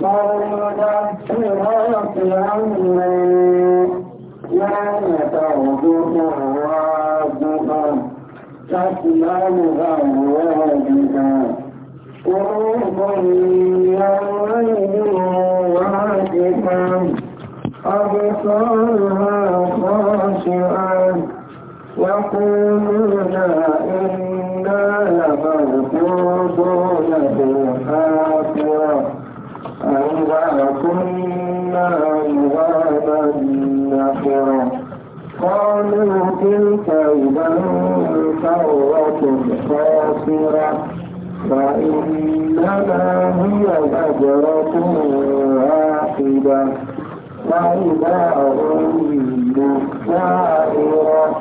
ويذكرك أمرا يوم ترجف الراجفة تسلمها واجبا قلوب يومئذ واجفة أبصارها خاشعة يقولون إنا لمرقوبون في وكنا عبادا نحرا قالوا تلك إذا كرة خاسرة فإنما هي زجرة واحدة فإذا هم بالسائرة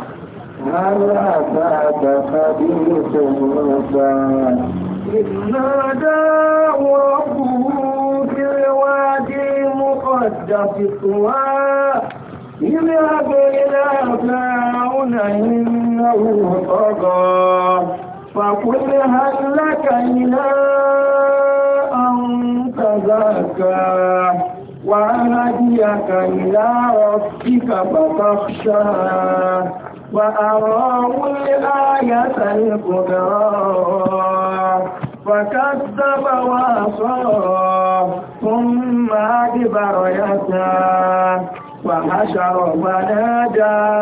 هل أتاك حديث موسى إذ نادى ربه وادي مقدس طوى يذهب إلى فرعون إنه طغى فقل هل لك إلى أن تزكى وأهديك إلى ربك فتخشى وأراه الآية الكبرى فكذب وعصى ثم أدبر يسعى فحشر فنادى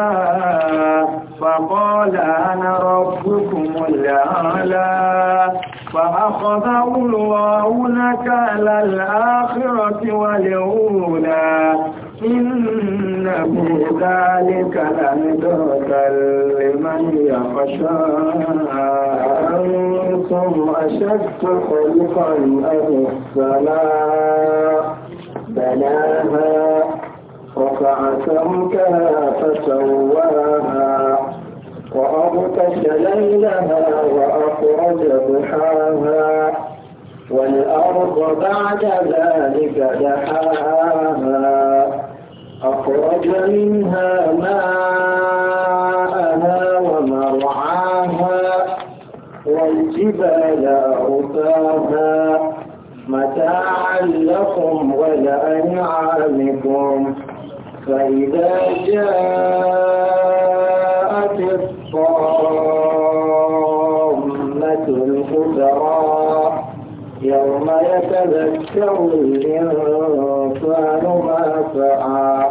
فقال أنا ربكم الأعلى فأخذه الله نكال الآخرة والأولى إنه ذلك لمدرك لمن يخشى أنتم أشد خلقا أم السماء بناها رفع سمكها فسواها وأغتش ليلها وأخرج ضحاها والأرض بعد ذلك دحاها أخرج منها ماءها ومرعاها والجبال أوتاها متاعا لكم ولأنعامكم فإذا جاءت الطامة الكبرى يوم يتذكر الإنسان ما سعى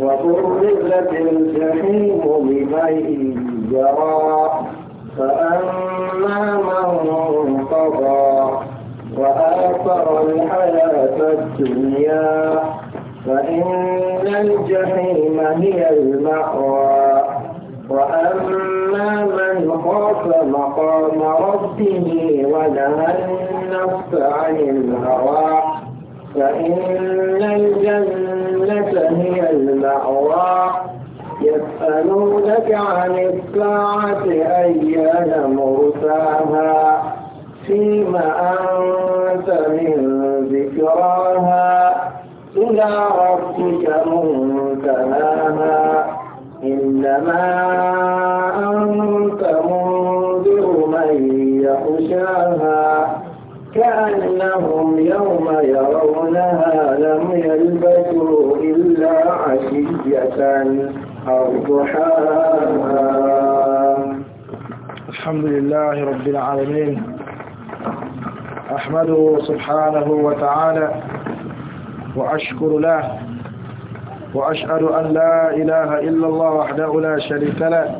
وبرزت الجحيم لمن يرى فأما من طغى وآثر الحياة الدنيا فإن الجحيم هي المأوى وأما من خاف مقام ربه ونهى النفس عن الهوى فإن الجنة هي المأوى يسألونك عن الساعة أيان مرساها فيما أنت من ذكراها إلى ربك منتهاها إنما أنت منذر من يخشاها كأنهم يوم يرونها لم يلبثوا إلا عشية أو ضحاها الحمد لله رب العالمين أحمده سبحانه وتعالى وأشكر له وأشهد أن لا إله إلا الله وحده لا شريك له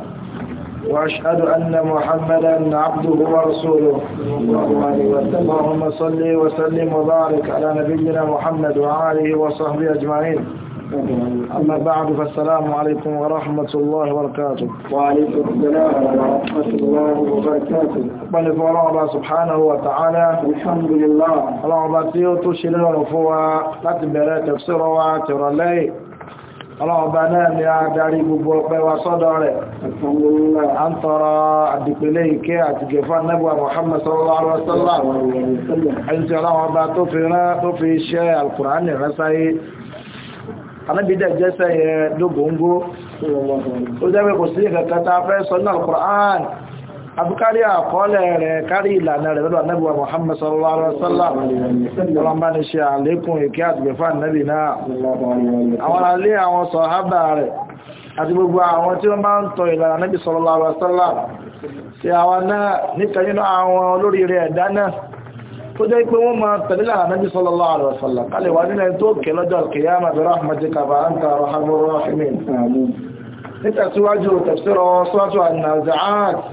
وأشهد أن محمدا عبده ورسوله اللهم صل وسلم وبارك على نبينا محمد وآله وصحبه أجمعين أما بعد فالسلام عليكم ورحمة الله وبركاته وعليكم السلام ورحمة الله وبركاته بل الله سبحانه وتعالى الحمد لله الله باتيوتو شلون فوا لا تبرأ تفسير وعاتر الليل ọlọ́ọ̀bá náà ni a darí gbogbo ọpẹ́ wa sọ́dọ̀ rẹ̀ a ń tọrọ àdìpẹ̀lẹ̀ ìkẹ́ àti gẹ̀fà nẹ́bùwà Muhammad sallallahu alaihi wasallam ẹni tí ọlọ́ọ̀bá tó fi rán tó fi iṣẹ́ alkùránì rán sáyé anábídẹ̀ jẹ́sẹ̀ yẹ dógóngó ó jẹ́ pé kò àbúkárí àkọọ́lẹ̀ rẹ̀ kárí ìlànà rẹ̀ lọ́dọ̀ anẹ́bùwà Muhammad sallallahu alaihi wasallam ọlọ́mbà ní ṣe àlékún ìkẹ́ àtìgbẹ̀fà nẹ́bì náà àwọn alé àwọn sọ̀hábà rẹ̀ àti gbogbo àwọn tí wọ́n bá ń tọ ìlànà nẹ́bì sallallahu alaihi wasallam sí àwọn náà níkanínú àwọn olórí rẹ̀ ẹ̀dá náà tó jẹ́ pé wọ́n máa tẹ̀lé lànà nẹ́bì sallallahu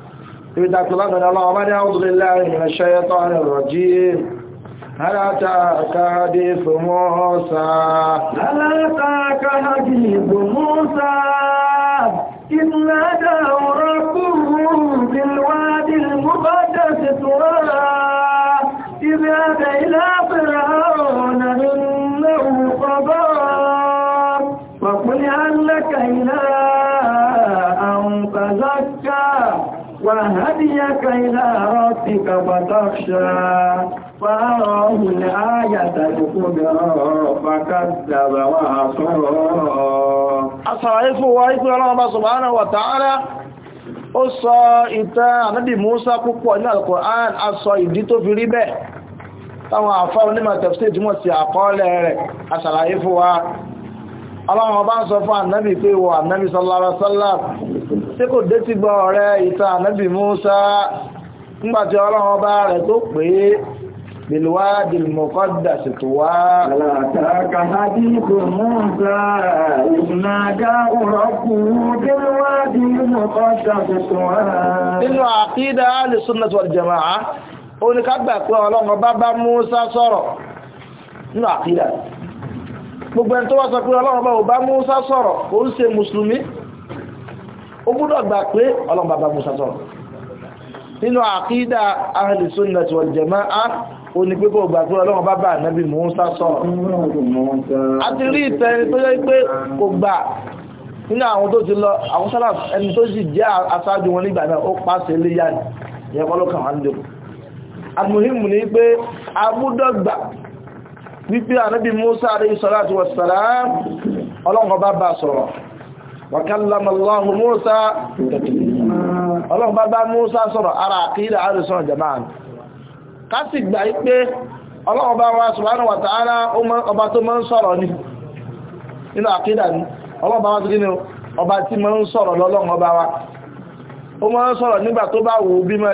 إذا طلبنا الله من أعوذ بالله من الشيطان الرجيم هل أتاك حديث موسى هل أتاك حديث موسى إذ ناداه ربه بالوادي المقدس طوى أتى إلى فرعون إنه قضى فقل هل لك إلى أن تزكى وهديك إلى ربك فتخشى فأراه الآية الكبرى فكذب وعصى Àṣàráyé wa ikú ọlọ́ọ̀bá Subhanahu wa Ta'ala, ó sọ ìtàn ànábì Mùsá púpọ̀ ní Al-Qur'an, a sọ ìdí tó fi rí bẹ́ẹ̀. Táwọn àfá onímọ̀ tafsir jímọ̀ sí àkọọ́lẹ̀ rẹ̀, àṣàráyé fún wa. Ọlọ́run ọba ń sọ fún ànábì pé wọ ànábì sallallahu alaihi tí kò dé ti gbọ́ ọ̀rẹ́ ìta ànábì Musa nígbàtí ọlọ́run ọba rẹ̀ tó pé bìlúwá dìlmọ̀kọ́ dàsìtò wá látàkà hadithu Musa ìnàdá òrọ́kù bìlúwá dìlmọ̀kọ́ dàsìtò wá nínú àkídà alìsúnnàtì wal jama'a ó ní ká gbà pé ọlọ́run Musa sọ̀rọ̀ nínú àkídà gbogbo ẹni tó Musa sọ̀rọ̀ ó ń ṣe ó gbọ́dọ̀ gbà pé ọlọ́run Musa sọ̀rọ̀ nínú àkídà ahli sunnah wal jamaa'ah ó ní pé kó gbà pé ọlọ́run bàbá Musa sọ̀rọ̀ a ti rí ìtẹ́ni tó yẹ pé kò gbà nínú àwọn tó ti lọ àwọn sálàf ẹni tó sì jẹ́ aṣáájú wọn nígbà náà ó pàṣẹ léyà ní ìyẹn kọ́ ló Musa alayhi salatu wassalam ọlọ́run bàbá sọ̀rọ̀ وكلم الله موسى تكليما ọlọ́run bá bá Musa sọ̀rọ̀ ara àkídà àrísàn jama'a kásì gbà ipé ọlọ́run bá wá wa ta'ala ọba tó mọ́ ń sọ̀rọ̀ ní nínú àkídà ní ọlọ́run bá wá sí ọba tí mọ́ ọba wa ó mọ́ ń sọ̀rọ̀ nígbà tó bá wù bí mọ́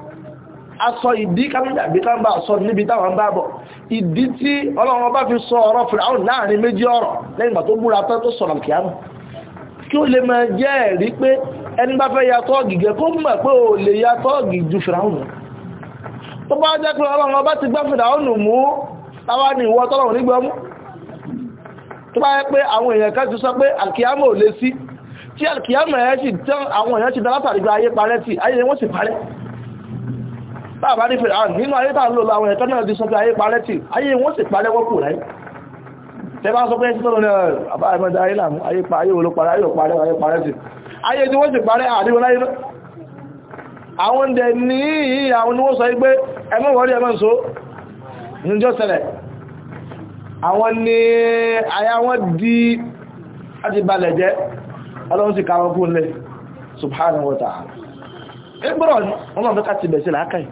asọ ìdí kámẹ́dàbí kámbà sọ níbi táwọn bá bọ̀ ìdí tí ọlọ́run bá fi sọ ọ̀rọ̀ fìràún láàrin méjì ọ̀rọ̀ lẹ́yìn ìgbà tó múra tán tó sọ̀rọ̀ kìámù kí ó lè máa jẹ́ ẹ̀rí pé ẹni bá fẹ́ yàtọ̀ gìgẹ́ kó mọ̀ pé ò lè yàtọ̀ gì ju fìràún lọ tó bá jẹ́ pé ọlọ́run bá ti gbá fìràún mú táwa ní ìwọ tọ́lọ́run nígbà mú tó bá yẹ bàbá ní fèrè àwọn ah, nínú ayé tàà ń lò láwọn ẹ̀tọ́ náà di sọ pé ayé parẹ́ tì ayé wọ́n sì parẹ́ wọ́pù rẹ̀ tẹ́bá sọ pé ẹ̀sìn tó lónìí ah, àbá ẹ̀mọ́dé ayé làmú ayé pa ayé olóparẹ ayé òparẹ ayé parẹ́ tì ayé tí wọ́n sì parẹ́ àríwọ láyé náà àwọn ń dẹ̀ ní àwọn ni wọ́n sọ pé ẹmọ́ wọ́n rí ẹmọ́ nso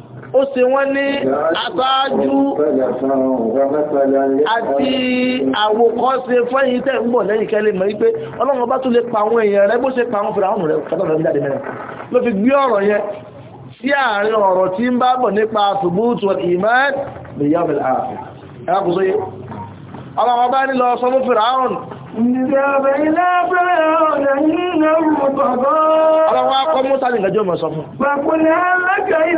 ó ṣe wọ́n ní aṣáájú àti àwòkọ́ṣe fẹ́yìn tẹ́ ń bọ̀ lẹ́yìn kẹ́lẹ̀ mọ̀ wípé ọlọ́run bá tún lè pa àwọn èèyàn rẹ bó ṣe pa àwọn fìràwọ̀n rẹ kátàlọ́ ní jáde mẹ́rin ló fi gbé ọ̀rọ̀ yẹn sí àárín ọ̀rọ̀ tí ń bá bọ̀ nípa tùbútù ìmán lèyàmìl ààfẹ́ ẹ̀kùsọ́ yẹ ọlọ́run bá ní lọ sọ fún fìràwọ̀n ọlọ́run akọ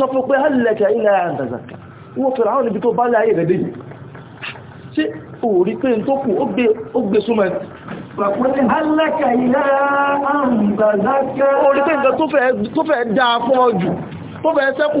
sọ fún pé hálẹ̀kẹ̀ ilẹ̀ àǹtàzàkà wọ́n fẹ̀rẹ̀ àwọn ibi tó bá láyé rẹ̀ dìí tí ò rí pé tó kù ó gbé súnmọ̀ hálẹ̀kẹ̀ ilẹ̀ àǹtàzàkà ó rí pé nǹkan tó fẹ́ dáa fún ọ jù tó fẹ́ sẹ́kù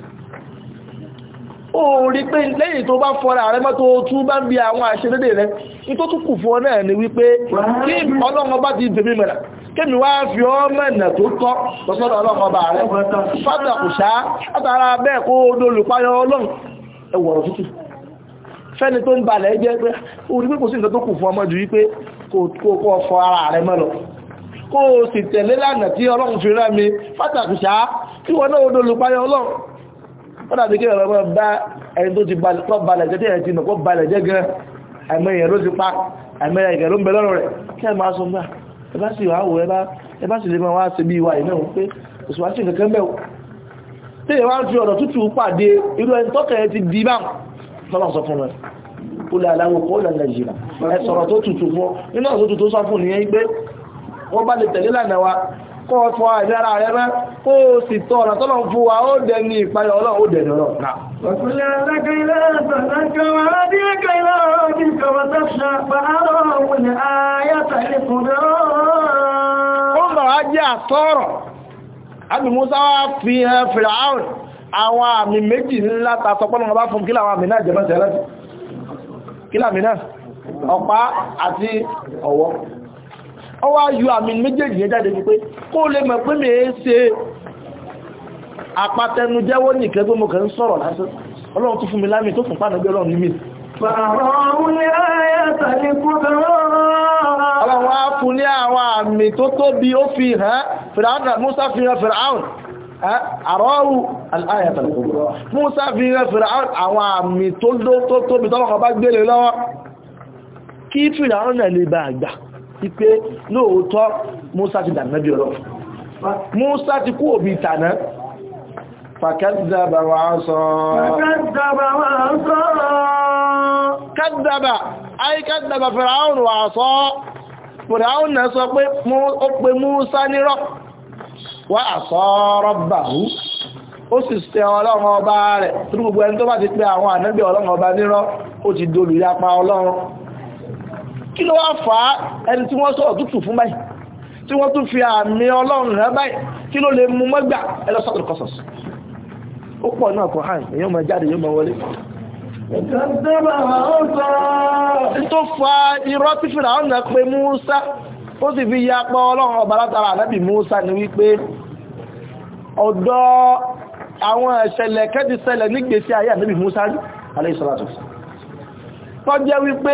ó rí pé lẹ́yìn tó bá fọ́ra rẹ mọ́ tó tún bá ń bí àwọn àṣẹ́lédè rẹ ní tó tún kù fún ọ náà ni wípé kí ọlọ́run bá ti bèbè mẹ́ra kémi wá fi ọmọ ẹ̀nà tó tọ́ lọ́sọ́dọ̀ ọlọ́run ọba rẹ fátàkùsá látara bẹ́ẹ̀ kó olólùpáyọ ọlọ́run ẹwọ̀rọ̀ tútù fẹ́ni tó ń balẹ̀ jẹ́ pé orí pé kò sí nǹkan tó kù fún ọmọ jù wípé kó fọ ara rẹ mọ́ lọ kó o sì tẹ̀lé lánàá tí ọlọ́run fi rẹ́ mi fátàkùsá kí wọn náà olólùpáyọ ọlọ́run wọ́n dàbí kí ẹ̀rọ bá ẹni tó ti balẹ̀ jẹ́ tí ẹ̀rọ ti mọ̀kọ́ balẹ̀ jẹ́ gan àmẹ́yẹ̀ ló ti pa àmẹ́yẹ̀ ìgẹ̀ ló ń bẹ lọ́rọ̀ rẹ̀ kí ẹ máa sọ gbà ẹ bá sì wá wò ẹ bá sì lè máa wá sí bí ìwà ìnáwó pé òṣùwà sí kankan bẹ̀ tí ìwà ń fi ọ̀nà tútù pàdé irú ẹni tọ́kẹ̀ ẹ ti di bá lọ́nà sọ fún kó o fọ ìdára rẹ mẹ́ kó o sì tọ́ ọ̀nà tọ́lọ̀ ń fún wa ó dẹ̀ ní ìpayọ̀ ọlọ́run ó dẹ̀ ní náà. وكلا لك ọ̀pá àti ọ̀wọ́ ọ wá yọ àmì méjèèjì yẹn jáde wípé kó lè mọ̀ pé mèé ṣe àpatẹnujẹ́wọ́ nìkan pé mo kàn ń sọ̀rọ̀ lásán ọlọ́run tó fún mi lámì tó fún pàdánù ọlọ́run àrọ́rù aláyàtà ìkòrò. fi hàn Fìràánà àwọn àmì tó tóbi tọ́lọ́kọ̀ bá gbélé lọ́wọ́ kí Fìràánà lè bá àgbà wípé lóòótọ́ Musa ti dà nẹ́bí ọ̀rọ̀ Musa ti kú òbí ìtànà fàkẹ́dàbà wà ń sọ kẹ́dàbà ayé kẹ́dàbà fìràún wà sọ fìràún náà sọ pé ó pe Musa nírọ́ wà àsọ rọ́bàhú ó sì ṣe ọlọ́run ọba rẹ̀ tí gbogbo ẹni tó bá ti pé àwọn ànẹ́bí ọlọ́run ọba nírọ́ ó ti dolùyapa ọlọ́run kí ló wá fà á ẹni tí wọ́n sọ̀rọ̀ tútù fún báyìí tí wọ́n tún fi àmì ọlọ́run rẹ̀ báyìí kí ló lè mú mọ́gbà ẹlọ́sọ̀tò kọsọ̀s ó pọ̀ náà kọ̀ hàn èyàn máa jáde yóò máa wọlé tó fa irọ́ tí fìlà ọ̀nà pé Musa ó sì fi ya pọ́ ọlọ́run ọba látara ànábì Musa ni wípé ọ̀dọ́ àwọn ìṣẹ̀lẹ̀ kẹ́ti ṣẹlẹ̀ nígbèsí ayé ànábì Musa rí alayhi salatu tọ́jẹ́ wípé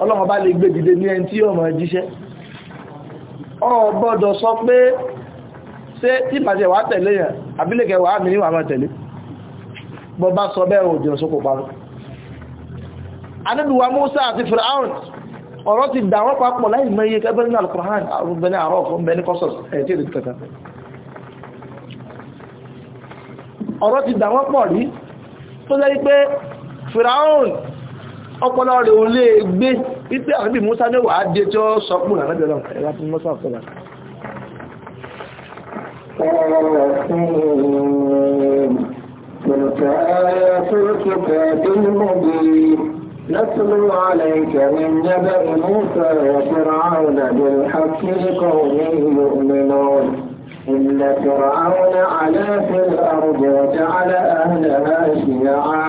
ọlọ́run bá lè gbé dìde ní ẹni tí yóò mọ̀ jíṣẹ́ ọ gbọ́dọ̀ sọ pé ṣé tí ìbàjẹ́ wà tẹ̀lé yẹn àbílẹ̀kẹ́ wà mí níwà mọ̀ tẹ̀lé bọ́ bá sọ bẹ́ẹ̀ òjò sókò parọ́ anábìwá Musa àti Firaun ọ̀rọ̀ ti dà wọ́n papọ̀ láì mọ iye kẹfẹ́ nínú Al-Qur'an àrùbẹ̀ni àrọ̀ fún bẹni kọ́sọ̀s ẹ̀tí ìrìn kankan ọ̀rọ̀ ti dà wọ́n pọ̀ rí tó lẹ́yìn pé Firaun ọpọlọ rẹ̀ ò lè gbé wípé àbí Musa ní wà á dé tí ó sọ pùn àrẹ́bẹ̀ lọ ẹ̀lá fún Musa ọ̀sọ̀lá تلك آيات الكتاب المبين نتلو عليك من نبأ موسى وفرعون بالحق لقوم يؤمنون إن فرعون علا في الأرض وجعل أهلها شيعا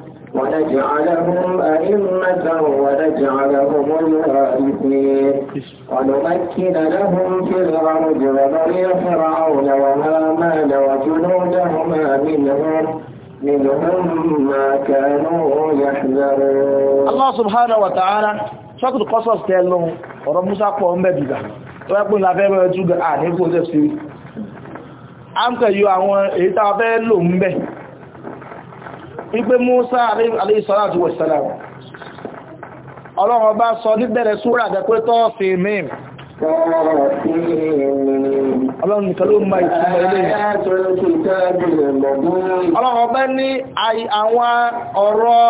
ونجعلهم أئمة ونجعلهم الوارثين ونمكن لهم في الأرض ونري فرعون وهامان وجنودهما منهم منهم ما كانوا يحذرون الله سبحانه وتعالى sọ́kùtù kọ́sọ̀ stẹ́lùn ọ̀rọ̀ musa pọ̀ ń bẹ̀ dìgbà tó ẹ́pùn ìlàfẹ́mọ̀ ẹ̀túgbà àníkò jẹ́ sí i. a ń wípé Musa alayhi salatu wassalam ọlọ́run bá sọ níbẹ̀rẹ̀ súrà dẹ̀pẹ́ tọ́ọ̀fì mìí Ọlọ́run nìkan ló máa ìtumọ̀ ilé ọlọ́run ọbẹ́ ní àwọn ọ̀rọ̀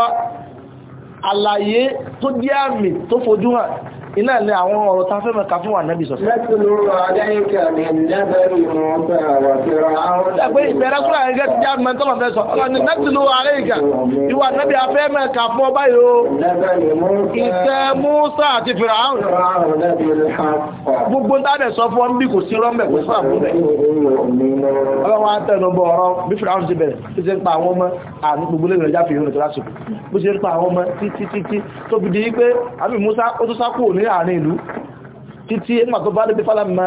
àlàyé tó jẹ́ tó fojú hàn iná ni àwọn ọ̀rọ̀ ta fẹ́ mẹ́ka fún ànábì sọ̀sẹ̀. ẹgbẹ́ ìbẹ̀rẹ̀ kúrò àyíká ti já mẹ́tọ́ lọ́fẹ́ sọ ọlọ́ni nẹ́tìlú àyíká ìwà ànábì afẹ́ mẹ́ka fún ọba yìí o ìtẹ́ Musa àti sọ fún ọ bí kò sí rọ́mbẹ̀ kò sí àbúrẹ̀. ọlọ́wọ́ á tẹnu bọ ọ̀rọ̀ bí Firaun ti bẹ̀rẹ̀ bí ṣe ń pa àti gbogbo ní àárín ìlú títí ẹgbà tó bá débi fálàmà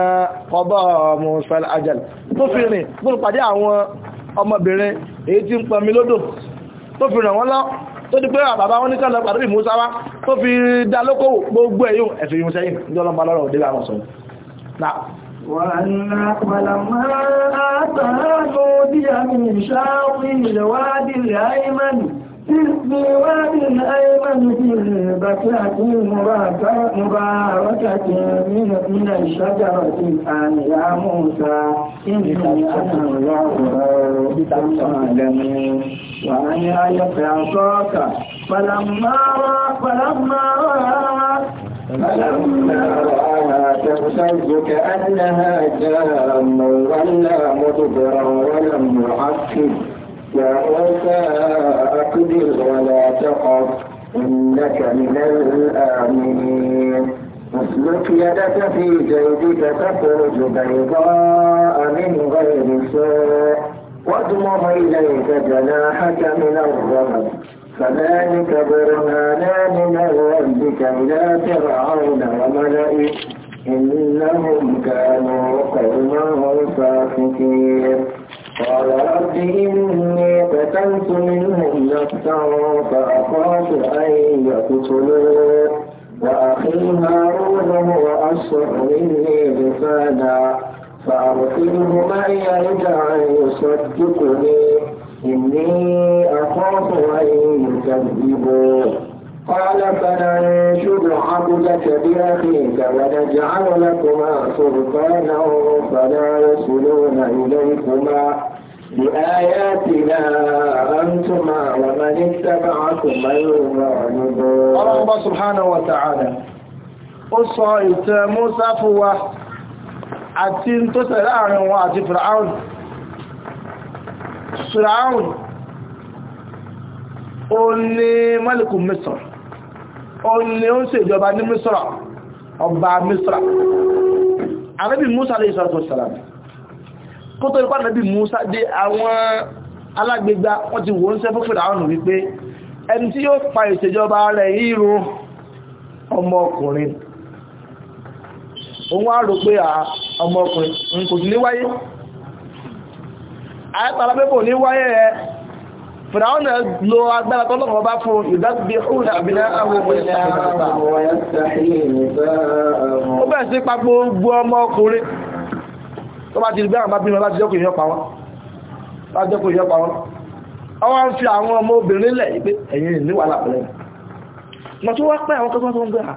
ọba ọmọ israel ajal tó fi rìn gbọ́n pàdé àwọn ọmọbìnrin èyí tí ń pọnmi lódò tó fi ràn wọ́n lọ tó di pé àbàbá wọn ní kọ́lọ̀ pàdé bí musa wá tó fi dá lókòwò gbogbo ẹ̀yùn نودي من شاطئ الوادي الأيمن في واد أيمن في بكعة مباركة من, الشجرة الآن يا موسى إني أنا الله رب العالمين وأن ألق عصاك فلما رأى فلما رأى فلما رآها تهتز كأنها جان ولا مدبرا ولم يعقب وساء أكبر ولا تقف إنك من الآمنين اسلك يدك في جيبك تخرج بيضاء من غير سوء واضمم إليك جناحك من الرمل فذلك برهانان من ربك إلى فرعون وملئه إنهم كانوا قوما فاسقين قال رب إني قتلت منهم نفسا فأخاف أن يقتلون وأخي هارون هو أصلح مني بفادا فأرسله معي يدعى يصدقني إني أخاف أن يكذبون قال فننشر عبدك بأخيك ونجعل لكما سلطانا فلا يصلون إليكما بآياتنا أنتما ومن اتبعكم الغالبون الله سبحانه وتعالى قصة موسى فوا عتين fún wa وعد فرعون فرعون àárín ملك مصر òní ó ń ṣe ìjọba ní Misra ọba Misra anábì Musa lè sọ́rọ̀ sọ́rọ̀ kó tó ipá anábì Musa dé àwọn alágbègbà wọ́n ti wò ń sẹ́ fúnfẹ́ àwọn wípé ẹni tí yóò pa ìṣèjọba rẹ̀ yíru ọmọkùnrin òun wá rò pé ọmọkùnrin kò sí ní wáyé àyẹ́pàá lábẹ́bò ní wáyé rẹ̀ فرعون لو أدنا طلق وبافو يذبحون أبناءهم ويستحيي نساءهم وبس يقبلون بوامكوري tó bá ti rí bẹ́ràn bá bímọ láti jẹ́kù ìyọ́ pa wọ́n láti jẹ́kù ìyọ́ pa wọ́n ọwọ́ ń fi àwọn ọmọ obìnrin lẹ̀ pé ẹ̀yìn ní wà lápẹ̀lẹ̀ mọ̀ tó wá pẹ́ àwọn tó tó ń gbé à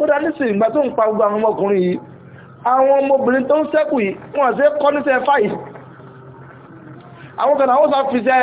ó dá nísìn ìgbà tó ń pa gbogbo àwọn ọmọkùnrin yìí àwọn ọmọbìnrin tó ń ṣẹ́kù yìí wọ́n ṣe kọ́ níṣẹ́ fáyì àwọn kan àwọn sá fi ṣẹ́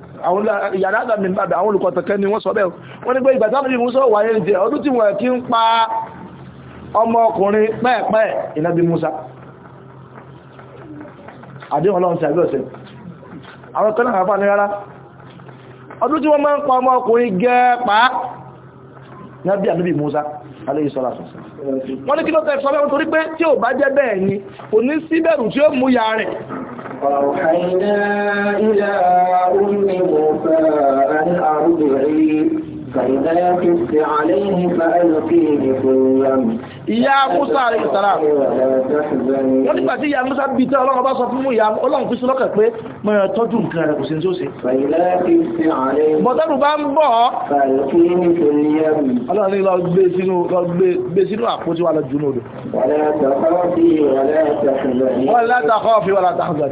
àwọn yàrá àgbàmì bàbà àwọn olùkọ̀tọ̀kẹ́ ni wọ́n sọ bẹ́ẹ̀ wọ́n ní pé ìgbà táwọn ìbí Musa wà ní jẹ ọdún tí wọ́n kí ń pa ọmọkùnrin pẹ́ẹ̀pẹ́ ìnábí Musa àdéhùn ọlọ́run ti àgbẹ̀ ọ̀sẹ̀ àwọn wọ́n máa pa ọmọkùnrin gẹ́ pa nábí ànábì Musa alayhi salatu wọ́n ní kí ló tẹ́ sọ bẹ́ẹ̀ torí pé tí ò bá jẹ́ bẹ́ẹ̀ ni kò ní síbẹ̀rù tí ó mú ya rẹ̀ فأوحينا إلى أم موسى أن أرضعي فإذا خفت عليه فألقيه في اليم ìyá musa àrẹ ìsàrà wọ́n nígbà tí ìyá musa bí tẹ́ ọlọ́run bá sọ fún ìyá ọlọ́run fi sílọ́kẹ̀ pé mẹ́rẹ̀ tọ́jú nǹkan rẹ̀ kò sí tí ó ṣe bọ̀tẹ́rù bá ń bọ̀ ọlọ́run lọ gbé sínú àpótí wa lọ jù lódò wọ́n látàkọ́ fi wà látàkọ́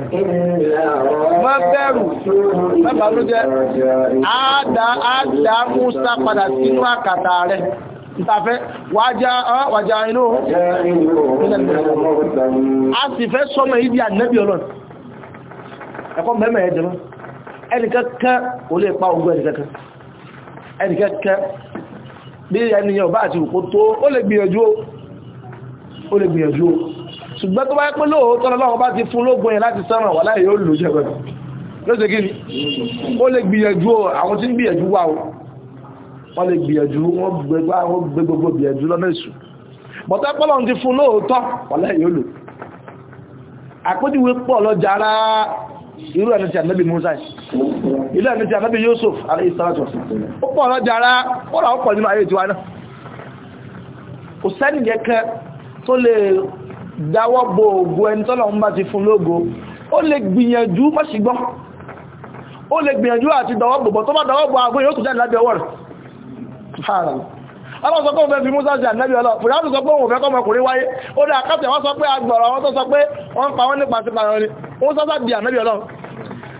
mọ́ bẹ̀rù mẹ́bàá ló jẹ́ àádá musa padà sínú àkàtà rẹ̀ ìtafẹ́ wájá wájá inú a sì fẹ́ sọ́mọ̀ ibi ànẹ́bí ọlọ́n ẹ̀kọ́ mẹ́mẹ́ ẹ̀dẹ̀ mọ́ ẹnìkẹ́kẹ́ kò lè pa ogun ẹnìkẹ́kẹ́ ẹnìkẹ́kẹ́ bí ẹniyàn bá àti òkú tó ó lè gbìyànjú ó lè gbìyànjú ṣùgbọ́n tó bá yẹ pé lóòótọ́ lọ́wọ́ bá ti fún lógun yẹn láti sọ́rọ̀ wà láì yóò lò jẹ́ gbẹ̀rẹ̀ ló ṣe kí ni ó lè gbìyànjú àwọn tí ń gbìyànjú wà ó wọ́n lè gbìyànjú wọ́n gbé gbogbo gbìyànjú lọ́nà èṣù bọ̀tẹ́ pọ́lọ̀ ti fún lóòótọ́ wọ́lẹ́ yóò lò àpójúwé pọ̀ lọ́jà ara irú ẹni tí ànábì Musa ilé ẹni tí ànábì Yusuf alayhi salatu ó pọ̀ lọ́jà ara pọ́lá bo ògo ẹni tọ́lọ̀ ń bá ti fún lógo ó lè gbìyànjú mọ́sígbọ́n ó lè gbìyànjú àti dáwọ́ bòbọ̀ tó bá dáwọ́ bò àgbóyìn ó tún jáde ọwọ́ rẹ̀ ọlọ́run sọ pé òun fẹ́ fi musa ṣe ànábì ọlọ́ fìdáàbì sọ pé òun fẹ́ kọ́ ọmọkùnrin wáyé ó dá àkàtì àwọn sọ pé agbọ̀rọ̀ àwọn tó sọ pé wọ́n ń pa wọ́n nípa sí parọ́ ni wọ́n sọ́sà di ànábì ọlọ́run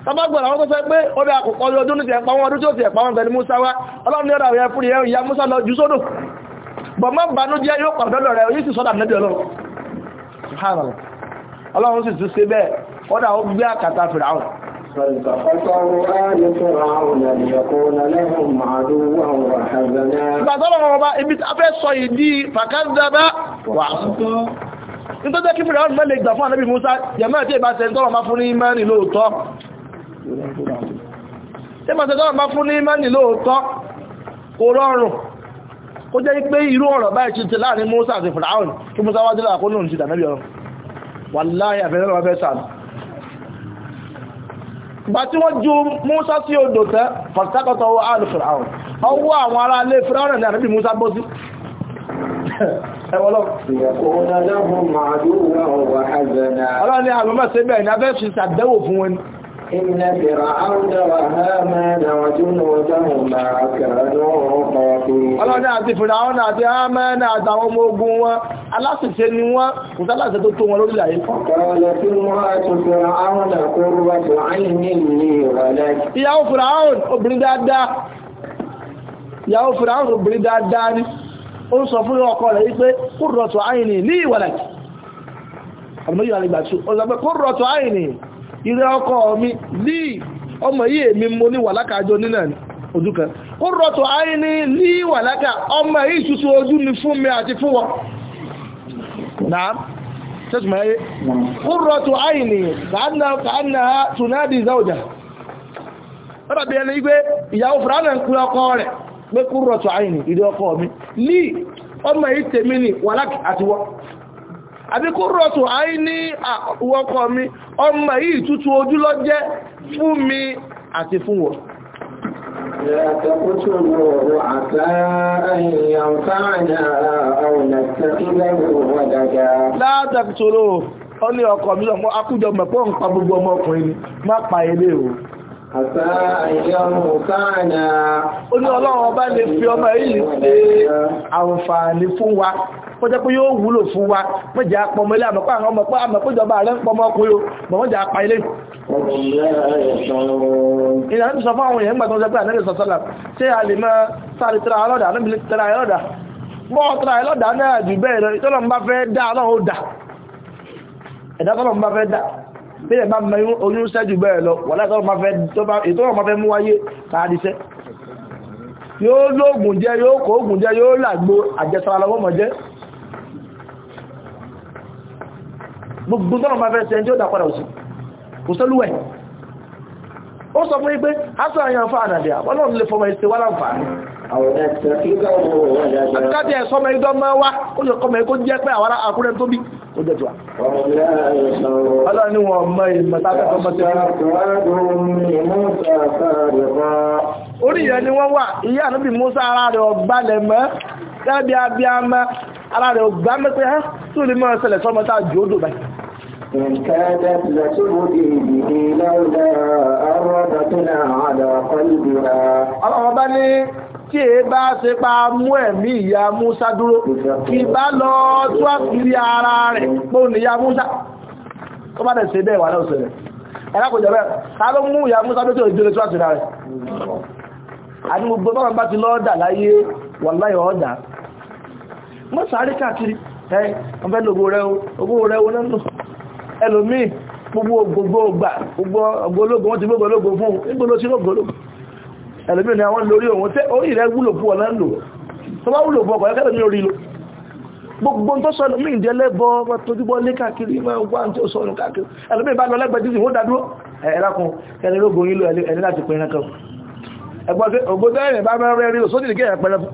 tọ́bá gbọ̀rọ̀ àwọn tó sọ pé ó dá àkùkọ ọdún ní tiẹ̀ pa wọ́n ọdún tí ó tiẹ̀ pa wọ́n bẹ̀rẹ̀ musa wá ọlọ́run ní ọ̀dà rẹ̀ fún ìyá musa lọ jù sódò bọ̀mọ́ banújẹ́ yóò pàdọ́dọ̀ rẹ̀ yìí sì sọ́dà ànábì ọlọ́run ọlọ́run sì tún ṣe bẹ́ẹ̀ ó dá ó Ìgbàtọ́lọ̀ ọba ibi afẹ́ sọ ìdí fàkàndàbá wà. Nítorí jẹ́ kí fìrà ọdún mẹ́lẹ̀ ìgbà fún ànábì Musa, jẹ̀mọ́ tí ìbá tẹ́ tọ́rọ máa fún ní mẹ́rin lóòótọ́. Tí ìbá tẹ́ tọ́rọ máa fún ní mẹ́rin lóòótọ́, kò rọrùn. Kó jẹ́ pé irú ọ̀rọ̀ báyìí ti tẹ láàrin Musa àti Fìrà gbà tí wọ́n ju Musa sí odò tẹ́ fọ̀sákọ̀tọ̀ ọwọ́ alùfẹ́ àwọn ọwọ́ àwọn ará ilé Fíráúnà ní àrẹ́bì Musa bọ́ sí ẹwọ́lọ́ ọlọ́ni àlùmọ́ sí bẹ́ẹ̀ fi sàdẹ́wò fún wọn إن فرعون وهامان وجنودهما كانوا خاطئين ọlọ́run àti fìràún àti àmẹ́nà àtàwọn ọmọ ogun wọn aláṣẹṣẹ ni wọ́n kò sálàṣẹ tó tó wọn lórílẹ̀ ayé ìyàwó fìràún obìnrin dáadáa ìyàwó fìràún obìnrin dáadáa ni ó ń sọ fún ọkọ rẹ̀ wípé kúrọ̀tọ̀ àìní ní ìwàlẹ̀ àmì Iri ọkọ ọmọ yìí èmi mo ní wàlákà àjọ nínà ojú kan ó ayé ní wàlákà ọmọ yìí ṣuṣu ojú ni fún mi àti fún wọn náà ayé ó ayé ní kàánà tùnádì záwòjà na ọmọ yìí tèmi wàlákà àti wọn àbí kó rọ̀tù àí ní àwọ́kọ̀ mi ọmọ yìí tútù ojú lọ jẹ́ fún mi àti fún wọ látàkùtòrò ó ní ọkọ̀ mi lọ́pọ̀ akújọ mẹ́pọ̀ ń pa gbogbo ọmọkùnrin ni má pa ilé o àṣà ìyọ̀nù káàdà ó ní ọlọ́run ọba lè fi ọmọ yìí ṣe àǹfààní fún wa kó jẹ́ pé yóò wúlò fún wa mọ́jà pọmọ ilé àmọ́pá àwọn ọmọ àmọ́pẹ́jọba rẹ̀ ń pọmọ ọkùnrin mọ́jà pa ilé ìlànà ti sọ fún àwọn èèyàn gbàtọ́ jẹ́ pé ànẹ́bì sọ̀tọ́là tí a lè máa sáré tíra ọlọ́dà ànẹ́bì tíra ẹlọ́dà bọ́ tíra ẹlọ́dà náà jù bẹ́ẹ̀ lọ ìtọ́lọ̀ bá fẹ́ dá náà ó dà ẹ̀dá tọ́lọ̀ bá fẹ́ dá bí ẹ̀ bá mẹ́rin oyún sẹ́jù bẹ́ẹ̀ lọ wọ́lá ìtọ́lọ̀ bá fẹ́ mú wáyé káàdìsẹ́ yóò lóògùn jẹ́ yóò kó ògùn jẹ́ yóò làgbo àjẹsára lọ́wọ́ jẹ́ gbogbo tọ́nà máa fẹ́ sẹ́yìn tí ó dápadà òsì kò sọ́lúwẹ̀ ó sọ fún ipé aṣọ àyàn fa ànàdẹ̀ ọlọ́run lè fọmọ ìṣẹ́wà láǹfààní orí ìyẹn ni wọ́n wà ìyá àdúgbì Musa ara rẹ̀ ọgbà lẹ̀mọ́ tẹ́bí abíamọ́ ara rẹ̀ ò gbá mẹ́pẹ́ á lè máa ṣẹlẹ̀ sọ́mọ tá a jò ó dò báyìí. كادت لتبدي به لولا أربتنا على قلبها الله بني tí e bá ṣe pa mú ẹ̀mí ìyá Musa dúró kì bá lọ ara rẹ̀ Musa tó bá dẹ̀ ṣe bẹ́ẹ̀ wà náà ṣẹlẹ̀ bẹ́ẹ̀ ta ló mú ìyá Musa rẹ̀ àti gbogbo bá ti láyé ọ̀dà mọ́ sáré káàkiri ẹ ọ̀fẹ́ lògbò rẹ̀ owó rẹ̀ owó nánú ẹlòmíì gbogbo gbogbo gbà gbogbo ọgbọ́lógún wọ́n ti gbogbo ológun fún ìgbòló tí lọ́gbọ́lógún ẹlòmíì ni àwọn lórí òun tẹ́ orí rẹ̀ wúlò fún ọ̀nà lò tó bá wúlò fún ọkọ̀ ẹkẹ́lẹ̀ ní orí lò gbogbo tó sọ ẹlòmíì jẹ́ lẹ́bọ tójúbọ́ lé káàkiri máa wá tó sọ ọ̀nà káàkiri ẹlòmíì bá lọ lẹ́gbẹ̀ẹ́ títí wọ́n dádúró ẹ̀rákun ẹni lógun yín lò ẹni láti pẹ̀rẹ̀ kan ẹgbọ́n ogójọ́ ẹ̀rẹ̀ bá mẹ́rẹ̀ rí òsódì ní kí ẹ̀yà pẹ̀rẹ̀ fún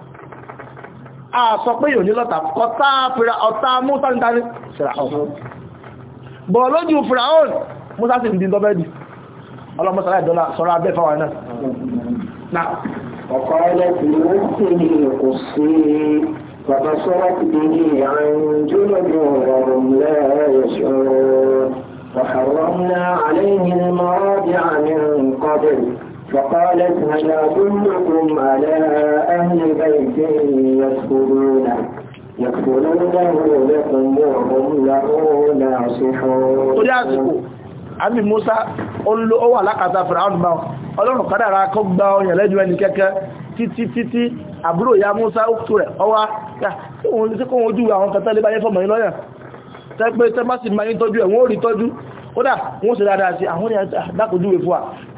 a sọ pé yóò ní lọ́ta ọ̀tá fìrà ọ̀tá Musa ń darí fìràhùn bọ̀ lójú fìràhùn Musa sì ń di dọ́bẹ́dì ọlọ́mọsára ìdọ́là sọ́rọ̀ abẹ́ fáwọn náà وقالت لنفسه فقالت هل أدلكم على أهل بيت يكفرونه يكفرونه لكم وهم له ناصحون àbí Musa ó wà lákàtà Fìràún bá ọlọ́run kádàrà kó gba ọyàn lẹ́jù ẹni kẹ́kẹ́ títí títí àbúrò ya Musa ó tó rẹ̀ ọwá ohun tí kó ojú àwọn kẹta lé fọ́mọ̀ yín lọ́yàn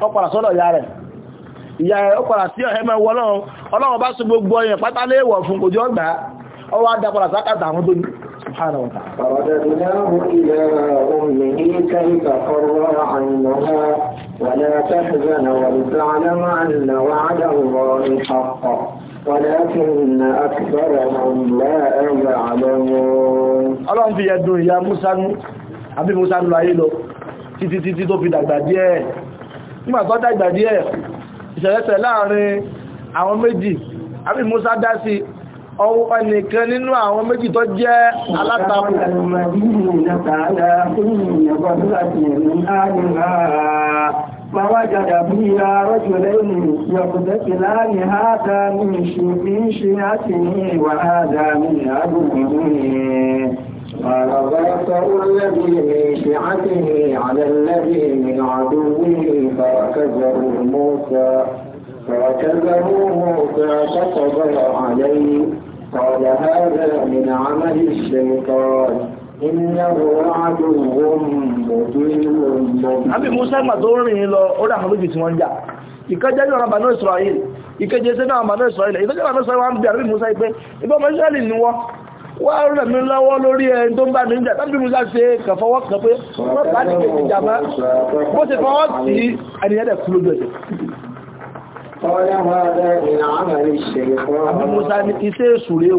tẹ́ ìyá ẹ̀ ọkọ̀lá sí ọ̀hẹ́ mẹ́wọ́ ọlọ́run ọlọ́run bá sún gbogbo ọyàn pátá léèwọ̀ fún kò jọ gbà ọ wá dápọ̀lá sákàtà àwọn tó ní subhanahu wa ta'ala. فرددناه إلى أمه كي تقر عينها ولا تحزن ولتعلم أن وعد الله حق ولكن أكثرهم لا يعلمون. ọlọ́run fi ẹ̀dùn ìyá Musa nú àbí Musa nú ayé lọ títí títí tó fi dàgbà díẹ̀ nígbà tó dàgbà díẹ̀ ìṣẹ̀lẹ́sẹ̀ láàrin àwọn méjì àbí Musa dá sí ọwọ́ ẹnìkan nínú àwọn méjì tó jẹ́ alátakò فوجد فيها قال ضيفه الذي من شيعته على الذي من عدوه فركزه موسى فركزه موسى فقضى عليه قال هذا من عمل الشيطان Àbí Musa ìgbà tó rìn lọ orí àwọn méjì tí wọ́n ń jà. Ìkẹjẹ́ ní ọ̀rọ̀ Bànú Ìsìràílì, ìkẹjẹ́ sí náà Bànú Ìsìràílì, ìkẹjẹ́ Bànú Ìsìràílì wọ́n ń bí àrí Musa ipé, ìbọn Mọ́sílẹ̀ ni wọ́n, wá rẹ̀ mí lọ́wọ́ lórí ẹni tó ń bá mi ń jà tábí musa ṣe kàfọwọ́ kan pé wọ́n bá ní kejì jàmá bó ṣe fọwọ́ sí ẹniyẹ́dẹ̀ musa ní iṣẹ́ èṣù rẹ̀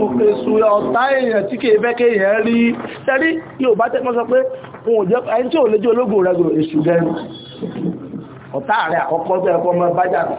o èṣù ọ̀tá èèyàn tí kèé fẹ́ kéèyàn rí tẹ́rí yóò bá tẹ́kọ́ sọ pé ohun òjẹ́ ẹni tí ò lè jẹ́ ológun rẹ̀ gùn èṣù ọ̀tá rẹ̀ àkọ́kọ́ bẹ́ẹ̀kọ́ mọ́ bájà rẹ̀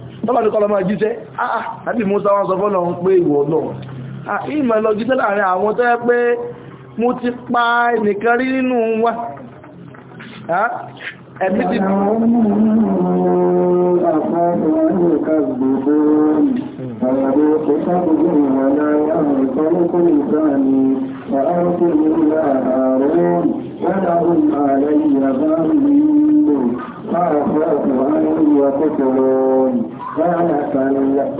tọ́bà ní kọ́lọ máa jíṣẹ́ àà àti Musa wọn sọ fọ́nà pé ìwọ̀ náà ìmọ̀ lọ jíṣẹ́ láàrin àwọn tó yẹ pé mo ti pa nìkan rí nínú wa ẹ̀mí ti وأرسل إلى هارون ولهم علي ذنب فأخاف أن يقتلون قال فلقال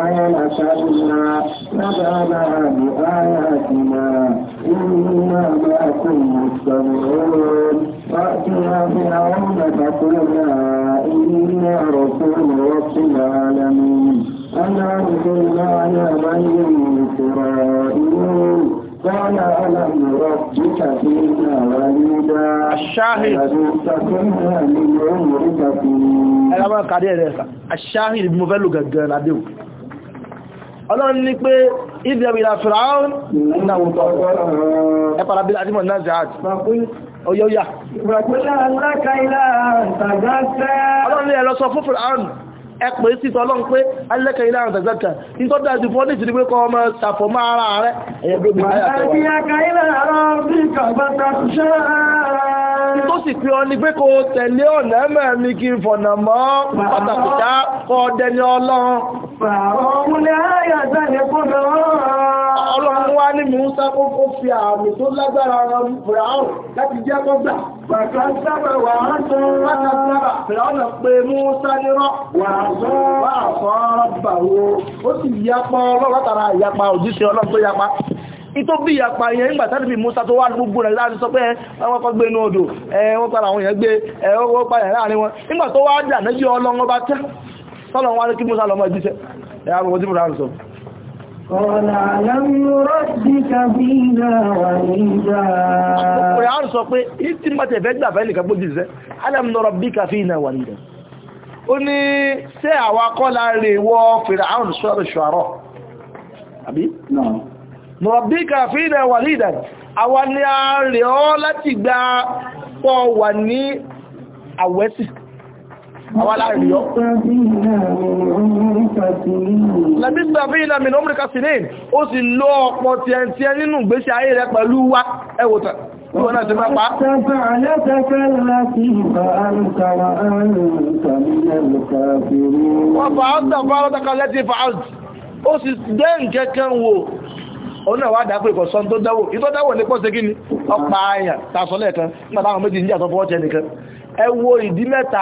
كلا فبعنا بآياتنا إنا معكم مستمعون فأتنا فرعون فقلنا إنا رسول رب العالمين أنا أرسلنا على من من إسرائيل قال ألم ربك فينا وليدا الشاهد لذكرنا من عمرك فيه أنا ما قاعد يرسل الشاهد مفلو غغان ادو Ọlọ́run ní pé ìdẹ̀wì ìlà Fìràún náà wùtọ́ ẹ̀pàdà bí àdímọ̀ náà jẹ́ àti ọyọ́ yà. Ọlọ́run ní ẹ̀lọ́sọ fún Fìràún ẹ̀pẹ́ sí tọ́lọ́n pé alẹ́kẹ̀ẹ́ ilẹ̀ àwọn tàzàkà ní tó dájú fún ní ìsìnkú kọ́ ọmọ sàfọ́mọ́ ara rẹ̀ tó sì pé ọ ní pé kò tẹ̀lé ọ̀nà mẹ́rin ní kí n fọ̀nà mọ́ pàtàkùtà kọ́ ọdẹni ọlọ́run Musa ó kó fi àmì tó lágbára ran Fìràhùn láti jẹ́ kó gbà. Bàtà sábà wà á sọ bàtà sábà Fìràhùn pé Musa nírọ̀ wà á sọ wà á sọ bà wo. Ó sì yapa ọlọ́run látara ìyapa òjíṣẹ́ ọlọ́run tó yapa. Ìtó bí ìyapa yẹn nígbà tàbí bí Musa tó wà gbogbo rẹ̀ láti sọ pé wọ́n kọ́ gbé inú odò, wọ́n padà àwọn èèyàn gbé, wọ́n padà láàrin wọn. Nígbà tó wá dà lẹ́jọ́ ọlọ́run ọba tẹ́, sọ́lọ́run wá ní kí Musa lọ́mọ ìjíṣẹ́. Ẹ̀yà gbogbo tí Musa ń قال ألم فينا وليدا Kùrán sọ pé, ìtí ní bàtẹ̀ fẹ́ gbàfẹ́ nìkan bó jíṣẹ́, Alam nurabbika fina walida. Ó ní ṣé àwa kọ́ láàrin wọ Fir'aun sọ́rọ̀ ṣọ́rọ̀. Àbí? Nurabbika fina walida. Àwa ni a rẹ̀ ọ́ láti gba pọ̀ wà ní àwàlárí ọ́. Lẹ́bí tàbí ó sì lọ ti ẹn ti ẹ nínú ìgbésí ayé rẹ pẹ̀lú wá ẹwòtàn. nkẹ́kẹ́ wo. Ó náà wá ìkọ̀sán tó dáwò. Ìtọ́ dáwò ní pọ́sẹ̀ gíní. Ọpa àyàn, tàṣọ́lẹ̀ kan, nígbàtà àwọn méjì níjà tó nìkan. Ẹ ìdí mẹ́ta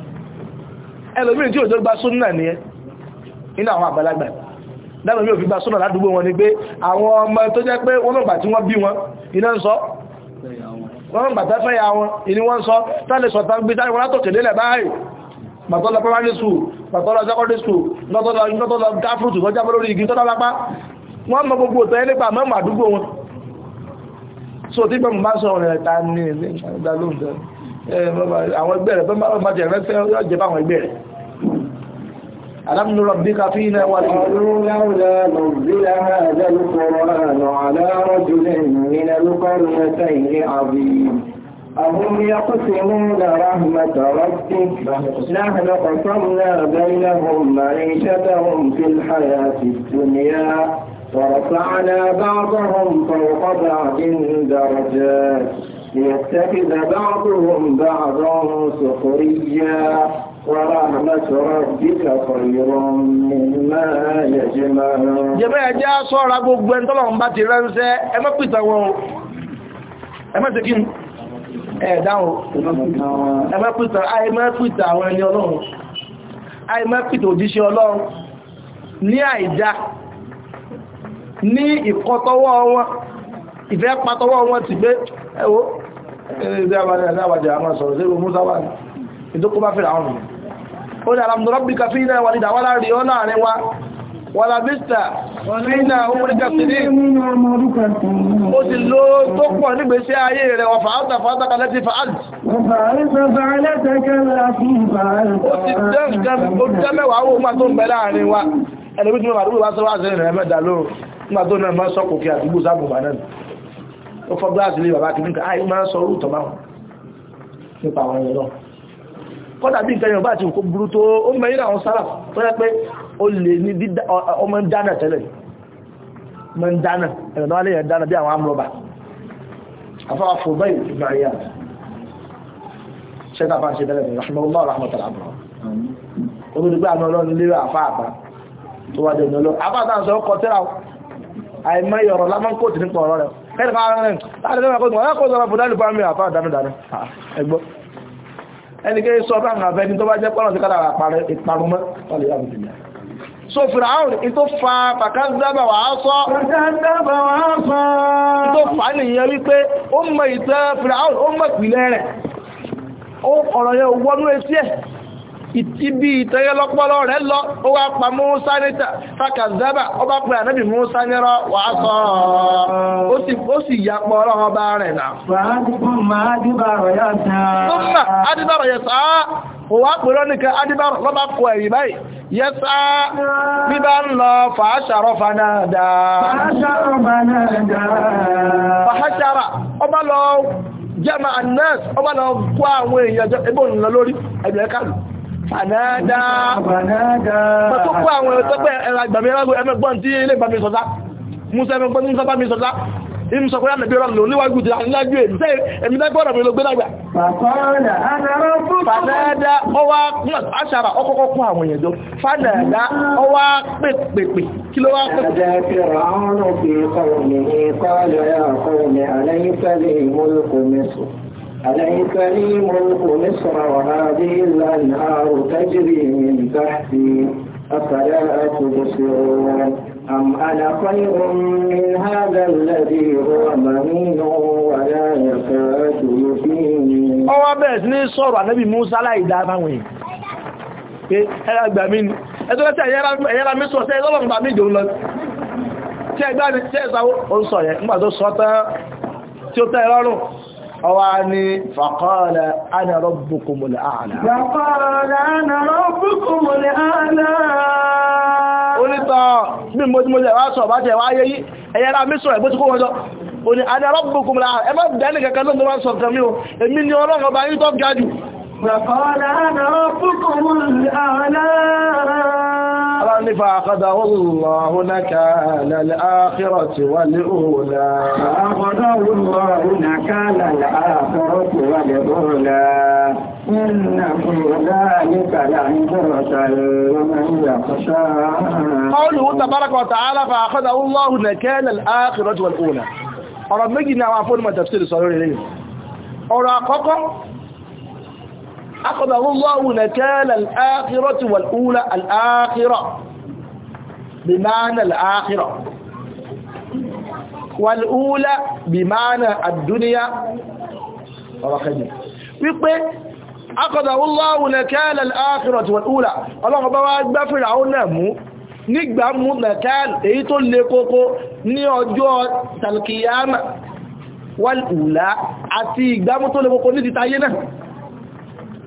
ẹlòmíì tí òjò gba súnà ní ẹ nínú àwọn àgbàlagbà dáàbò mi ò fi gba súnà ládùúgbò wọn ni pé àwọn ọmọ tó jẹ́ pé wọ́n lọ́gbà tí wọ́n bí wọn iná ń sọ wọ́n gbà tẹ́fẹ́ ya wọn ìní wọ́n sọ tẹ́lẹ̀ sọ̀tàn gbé dáàbò látòkèlélẹ̀ báyìí màtọ́lọ primary school màtọ́lọ secondary school lọ́tọ́lọ gáfrútù tó jábọ́ lórí igi tọ́lá lápá wọ́n mọ gbogbo òtọ́ ẹlẹ́gbà mọ́mọ̀ àdúgbò wọn so tí gbọ́mù bá sọ ọ̀rẹ̀ ẹ̀ta ní ilé ìgbàlóòdẹ́ àwọn ẹgbẹ́ rẹ̀ bẹ́ẹ̀ máa jẹ̀ rẹ́fẹ́ yóò jẹ́ báwọn ẹgbẹ́ rẹ̀ ألم نربك فينا قالوا لولا نزل هذا القرآن على رجل من القريتين عظيم أهم يقسمون رحمة ربك نحن قسمنا بينهم معيشتهم في الحياة الدنيا ورفعنا بعضهم فوق بعض درجات ليتخذ بعضهم بعضا سخريا ورحمة ربك خير مما يجمعون jẹ́mẹ́ ẹjẹ́ sọ́ra gbogbo ẹni tọ́lọ̀run bá ti rẹ́rúsẹ́ ẹ má pìtà wọn ẹ má ṣe kí ẹ dáhùn ẹ má pìtà ẹ má pìtà àwọn ẹni ọlọ́run ẹ má pìtà òjíṣẹ́ ọlọ́run ní àìdá ní ìkọtọwọ́ wọn ìfẹ́ patọwọ́ wọn ti gbé ẹwọ́ ẹgbẹ́ àwàjẹ́ àmà sọ̀rọ̀ sí musa wà ìdókòbá fẹ́rẹ̀ àwọn ọmọ ó ní alamdọ́rọ̀bíkà fíìnà wà ní ìdáwọ́lá rí ọ láàrin wa wàlá bísta fíìnà òmìnirka sílé ó ti ló tó pọ̀ nígbésí ayé rẹ̀ wà fàáta fàáta kalẹ̀ ti fàájì ó ti dẹ́ nǹkan ó dẹ́ mẹ́wàá nígbà tó náà máa sọ kò kí àdúgbò sábùbà náà ó fọ́ gíláàsì lé bàbá kìíní ká àyè ah, máa ń sọ orúkọ máa nípa àwọn èèyàn náà kọ́dà bí nǹkan yorùbá àti òkú burú tó ó mẹ́rin àwọn sára tó yẹ pé ó lè ní ọmọ ń dáná tẹ́lẹ̀ mọ́ ń dáná ẹ̀rọ̀nà wálé yẹn dáná bí àwọn amúrọ̀bà afọ́wà fún bẹ́ẹ̀ ìgbàríyà ṣẹ́ta bá ń tó wájú ọ̀nà ọlọ́run ń sọ ọkọ̀ tẹ́ra àìmọ́ ìyọ̀rọ̀ lámán kò tí ní pọ̀ rẹ̀ ẹni ká rẹ̀ láti lọ́wọ́ kòtò wọ́n kò sọ́rọ̀ fúdánù bá mi àfá dámidára ẹgbọ́ ẹni kí sọ bá ń àfẹ́ ní tó bá jẹ́ pọ́nà sí kára ìparumọ́ ọlẹ̀ yà bùtù so fìràáùn ìtò fa pàkánzábà wà á sọ ìtò fa nìyẹn wípé ó mọ ìtẹ́ fìràáùn ó mọ ìpìlẹ̀ rẹ̀ ọ̀rọ̀ yẹn wọnú ìtí bí ìtẹ́yẹ lọ́pọ̀lọ́ rẹ̀ lọ ó wá pa Mùsá níta fàkàzábà ó bá pè ànábì Mùsá nírọ́ wà á sọ ó sì yà pọ̀ ọlọ́run ọba rẹ̀ náà. fàádùkùnmá adìbàrọ̀ yà sáà. tó ń bà adìbàrọ̀ yà sáà ó wá pè lọ́nìkan adìbàrọ̀ lọ́ba kọ ẹ̀yìn báyìí yẹ sáà bí bá ń lọ fàáṣàrọ̀ fanáàdà. fàáṣàrọ̀ fanáàdà. fàáṣàrọ̀ ọba lọ jẹ́ma àwọn èèyàn ẹgbẹ́ lọ lórí ẹgbẹ́ fanada fanada tó kó àwọn ẹ̀rọ ẹ̀rọ àgbàmí ẹ̀rọ ẹ̀mẹ́gbọ́n tí ilé ìgbàmí sọ́sá musa ẹ̀mẹ́gbọ́n tí sábà mi sọ́sá im sọ pé àmẹ́bí níwájú ti ànílájú èmi tẹ́ èmi tẹ́ mi ló gbé dàgbà fanada ọwá aṣara ọkọ̀kọ́ kún àwọn èèyàn jọ fanada ọwá pèpèpè kí ló wá pèpèpè أليس لي مصر وهذه الأنهار تجري من تحتي أفلا تبصرون أم أنا خير من هذا الذي هو مهين ولا يكاد يفيني ọwọ́ bẹ̀rẹ̀ sí ní sọ̀rọ̀ ànábì Musa láìdá fáwọn pé ẹ̀rọ ìgbà mi ni ẹjọ́ ẹ̀yẹ́ra mi sọ̀rọ̀ sẹ́yẹ́ lọ́wọ́ ìgbà mi lọ tí ẹgbẹ́ ni tí ẹ̀sáwó ó yẹn أواني فقال أنا ربكم الأعلى onítọ̀ bí mo wá sọ bá jẹ́ wáyé yí ẹ̀yẹ́ra mísọ ẹ̀gbó tí kó wọ́n jọ o ni a فقال أنا ربكم الأعلى فأخذه الله نكال الآخرة والأولى فأخذه الله نكال الآخرة والأولى إن في ذلك لعبرة لمن يخشى قوله تبارك وتعالى فأخذه الله نكال الآخرة والأولى ọ̀rọ̀ méjì ni àwọn afọ́nimọ̀ tẹ̀sílì sọ lórí ilé أخذه الله نكال الآخرة والأولى الآخرة بمعنى الآخرة والأولى بمعنى الدنيا ورخدي wípé akọ̀dàwó lọ́wọ́ nàkẹ́lẹ̀ al'áfíìrọ̀tí wọ̀lúùlà ọlọ́run bá wá gbá fìrà ó náà mú nígbà mú nàkẹ́lẹ̀ èyí tó lè kókó ní ọjọ́ talkiyama wọ̀lúùlà àti ìgbàmú tó lè kókó ní títayé náà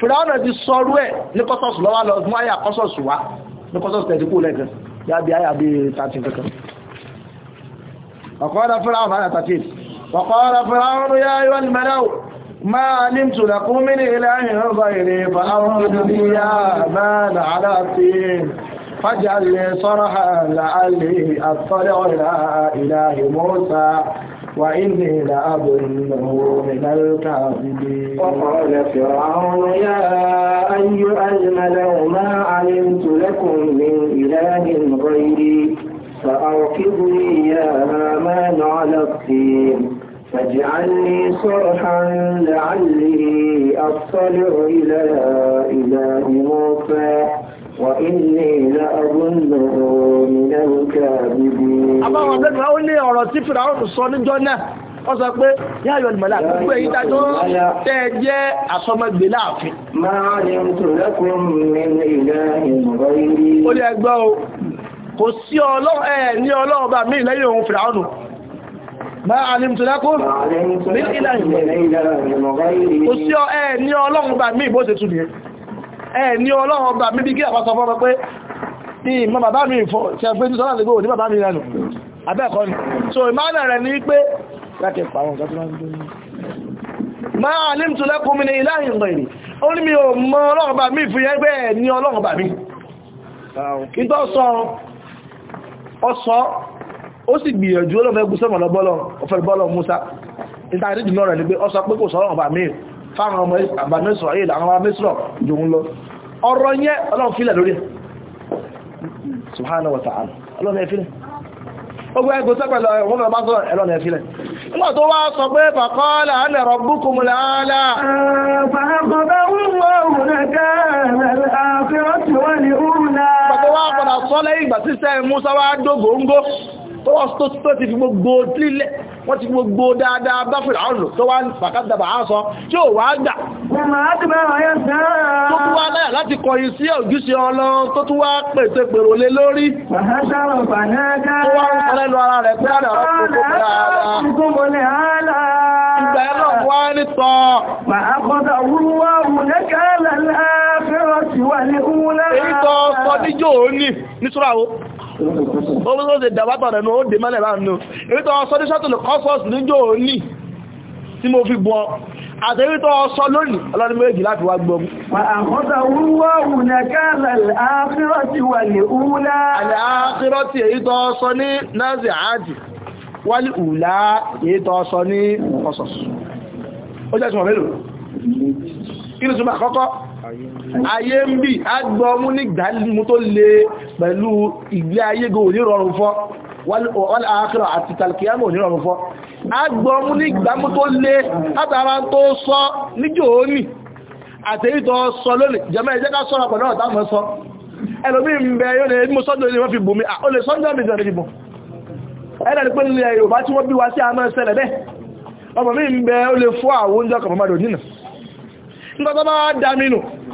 fìràwọ̀nà ti sọrú ẹ̀ ní kọ́sọ̀sù lọ́wọ́ lọ fún àyà kọ́sọ̀sù wá ní kọ́sọ̀sù tẹ̀sí kú lẹ́gàn yàbí àyà bí tàtí kankan ọ̀kọ́ra fìràwọ̀nà àyà tàtí ọ̀kọ́ra fìràwọ̀nà yà yọ mẹ́rẹ́wò máa ní tùnà وإني لأظنه من الكاذبين وقال فرعون يا أيها الملأ ما علمت لكم من إله غيري فأوقظ لي يا هامان على الطين فاجعلني صرحا لعلي أطلع إلى إله موسى Àbáwọn ọ̀gbẹ́gbẹ́ ó ní ọ̀rọ̀ tí Fìràwọ̀n sọ níjọ́ náà, ó sọ pé yá yọ ìmọ̀lá gbogbo èyí dájọ́ tẹ́ jẹ́ àsọmọgbè láàfin. Máa ní ọ̀tọ̀lẹ́kùn ma alimtu lakum min ilahin. Kò sí ọ ẹ ní ọlọ́run bá mí ìbóṣe tún nìyẹn ẹ ní ọlọ́run ọba mi bí kí àwọn sọ fọ́mọ pé ìmọ̀ bàbá mi fọ́ ṣe pé ní sọ́lá àdúgbò ní bàbá mi rẹ̀ nù abẹ́ẹ̀kọ́ ni so ìmọ̀nà rẹ̀ ní pé láti pàwọn ọ̀gá tó máa ń gbé ní máa ní ìtùlẹ́kùn mi ní ìláyìn pẹ̀lú mi ò mọ ọlọ́run bá mi fún yẹn pé ẹ̀ ní ọlọ́run bá mi ìtọ́ sọ ọsọ ó sì gbìyànjú olóòfẹ́ gúsọ́mọ̀ lọ bọ́lọ̀ ọ̀fẹ́ bọ́lọ̀ Musa ìtàrí jùlọ rẹ̀ fáwọn ọmọ àbámẹ́sọ̀ ayé àwọn amẹ́sọ̀ jòun lọ ọ̀rọ̀ yẹ́ ọlọ́run fílẹ̀ lórí subhanahu wa ta'ala ọlọ́run ẹ̀fílẹ̀ ogun ẹgbẹ́ sẹ́pẹ̀lẹ̀ ọ̀rọ̀ bá sọ ẹlọ́run ẹ̀fílẹ̀ nígbà tó wá sọ pé faqala ana rabbukumul a'la fàkọ́lá tó wọ́n tó tó ti fi gbogbo lílẹ̀ wọ́n ti gbogbo dáadáa bá fìrà ọ̀nà tó wá ní pàkátàbà á sọ tí ó wá gbà tó tún wá láyà láti kọ̀yìn sí òjúṣe ọlọ́run tó tún wá pètè pèrò lé lórí Ìgbà ẹ̀nà wá ní tọ́. Màá kọ́ta wúrúwá wù lẹ́kẹ́ lẹ́lẹ́ fẹ́rọ̀ tí wà ní òun ní, ní Súràwó. Omi tó ṣe dàbátọ̀ rẹ̀ nù ó dè mẹ́lẹ̀ bá nù. Èyí tó ọsọ ní ṣọ́tùlù kọ́sọ̀sì níjò òní tí mo fi bọ́. Àtẹ́rí tó ọsọ lónìí, ọlọ́rin méjì láti wá gbọmú. Àkọ́ta wúwọ́ òun kálà àáfírọ́tì wà ní úlá. Àáfírọ́tì èyí tó ọsọ ní Nazi Hajj wà ní úlá èyí tó ọsọ ní kọ́sọ̀sì. Ó jẹ́ ayé ń bì á gbọ́ mú ní ìdálímú tó le pẹ̀lú ìgbé ayé go onírọ̀rùn fọ́ wọ́n àákìrọ̀ àti tàlkìyàmù onírọ̀rùn fọ́ á gbọ́ mú ní ìgbámú tó le látara tó sọ níjò òní àtẹ́yìntọ́ sọ lónìí jẹ́mẹ́ ìjẹ́ ká sọ́rọ̀ pẹ̀lú ọ̀tá mọ́ sọ ẹlòmí ń bẹ yóò lè mú sọ́dọ̀ ilé wọ́n fi bù mí ó lè sọ́dọ̀ mi jẹ́ ìbò ẹ̀rẹ́ ni pé ilẹ̀ Yorùbá tí wọ́n bí wá sí àmọ́ ẹsẹ̀lẹ̀ bẹ́ ọmọ mi ń bẹ ó lè fọ́ àwọn oúnjẹ kọ̀mọ́mọ́dọ̀ nínú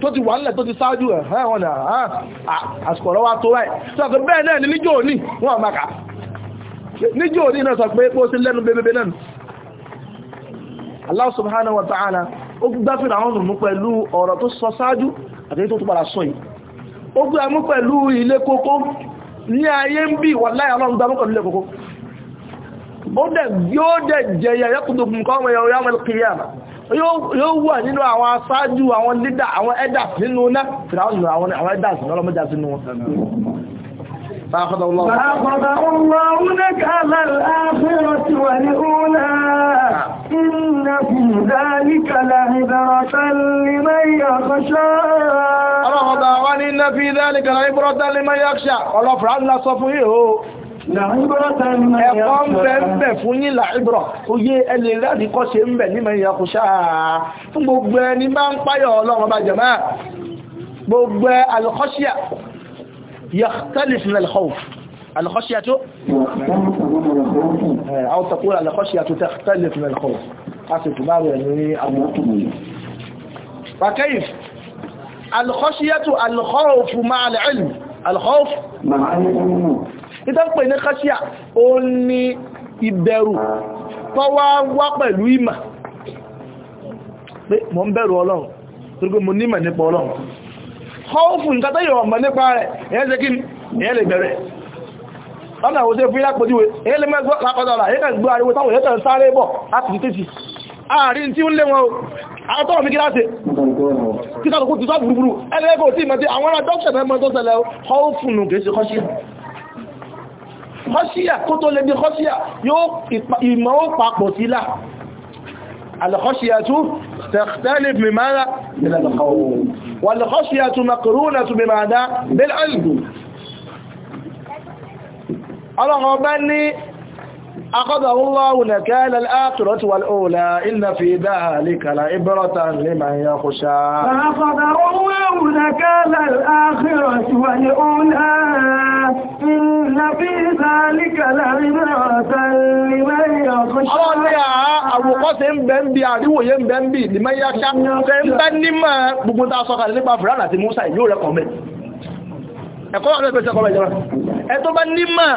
tó ti wà nílẹ̀ tó ti ṣáájú ẹ̀ ẹ̀ wọn náà ah, ah, àsìkò ọ̀rọ̀ wa tó rẹ̀ sọ pé bẹ́ẹ̀ náà ni níjọ́ òní wọn àmà kà níjọ́ òní náà sọ pé ó sì lẹ́nu bébébé náà Allah subhanahu wa ta'ala ó gbáfìrà àwọn ọ̀nà mú pẹ̀lú ọ̀rọ̀ tó sọ ṣáájú àti tó túbára sọ yìí ó gbá mú pẹ̀lú ilé kókó ní ayé ń bí wàláyà ọlọ́run gbá mú pẹ̀lú ilé kókó ó dẹ̀ yóò dẹ̀ jẹyà yẹ́kùndùnkùn kọ́ ọmọ ẹ̀yà ọmọ yóò wà nínú àwọn aṣáájú àwọn lídà àwọn ẹ́dà nínú náà fìdáwọn nínú àwọn ẹ́dà sínú ọlọ́mọdá sínú wọn فأخذ الله wá ní iná fi ذلك لعبرة لمن يخشى ọlọ́pàá sọ fún yìí ẹ̀kọ́ ń bẹ ń bẹ fún yín làìbọ̀rọ̀ oyé ẹni láti kọ́ ṣe ń bẹ nímọ̀ ìyà kò ṣáà fún gbogbo ẹni bá ń páyọ̀ ọlọ́run ọba jẹ̀mọ́ gbogbo alkhashya yakhtalif min alkhawf alkhashya tó aw taqul alkhashya tó takhtalif min alkhawf a sì tó bá rẹ̀ ní àwọn فكيف الخشية الخوف مع العلم الخوف مع العلم ìtàpẹ̀ ní kásíà ó ní ìbẹ̀rù tó wá wá pẹ̀lú ìmà pé mo ń bẹ̀rù ọlọ́run torí mo nímọ̀ nípa ọlọ́run kọ́ọ̀fù nǹkan tó yọ̀ ọ̀mọ̀ nípa rẹ̀ èyẹ́ ṣe kí èyẹ́ lè bẹ̀rẹ̀ ọ̀nà òṣè fún ilápòjúwe èyẹ́ lè mẹ́gbọ́ lápọ̀dọ̀lá èyẹ́ kàn gbọ́ ariwo táwọn èyẹ́ kàn sáré bọ̀ láti títí àárín tí ó lé wọn àtọ́wọ̀ mi kí láti kí sàtọ̀kú ti sọ́ burúburú ẹlẹ́gbẹ̀ẹ́ tí ìmọ̀ tí àwọn ará dọ́kṣẹ̀ mẹ́mọ́ tó ṣẹlẹ̀ ọ́ fún nù kèéṣe kọ́ṣíà kọ́síyà kó tó lè di kọ́síyà yóò ìmọ̀ ó papọ̀ sílá الخشية تختلف بماذا؟ من القوم والخشية مقرونة بماذا؟ بالعلم الله أبني أخذه الله نكال الآخرة والأولى إن في ذلك لإبرة لمن يخشى أخذه الله نكال الآخرة والأولى إن في ذلك لإبرة لمن يخشى أولا يا أبو قسم بنبي عدو ينبنبي لمن يخشى سنبني ما بمتع صغر لبا فرانا سي موسى يولا قومي Ẹ̀kọ́ ọ̀rẹ́ ìpẹsẹ̀kọ́ ìjọba. Ẹ tó bá ní máa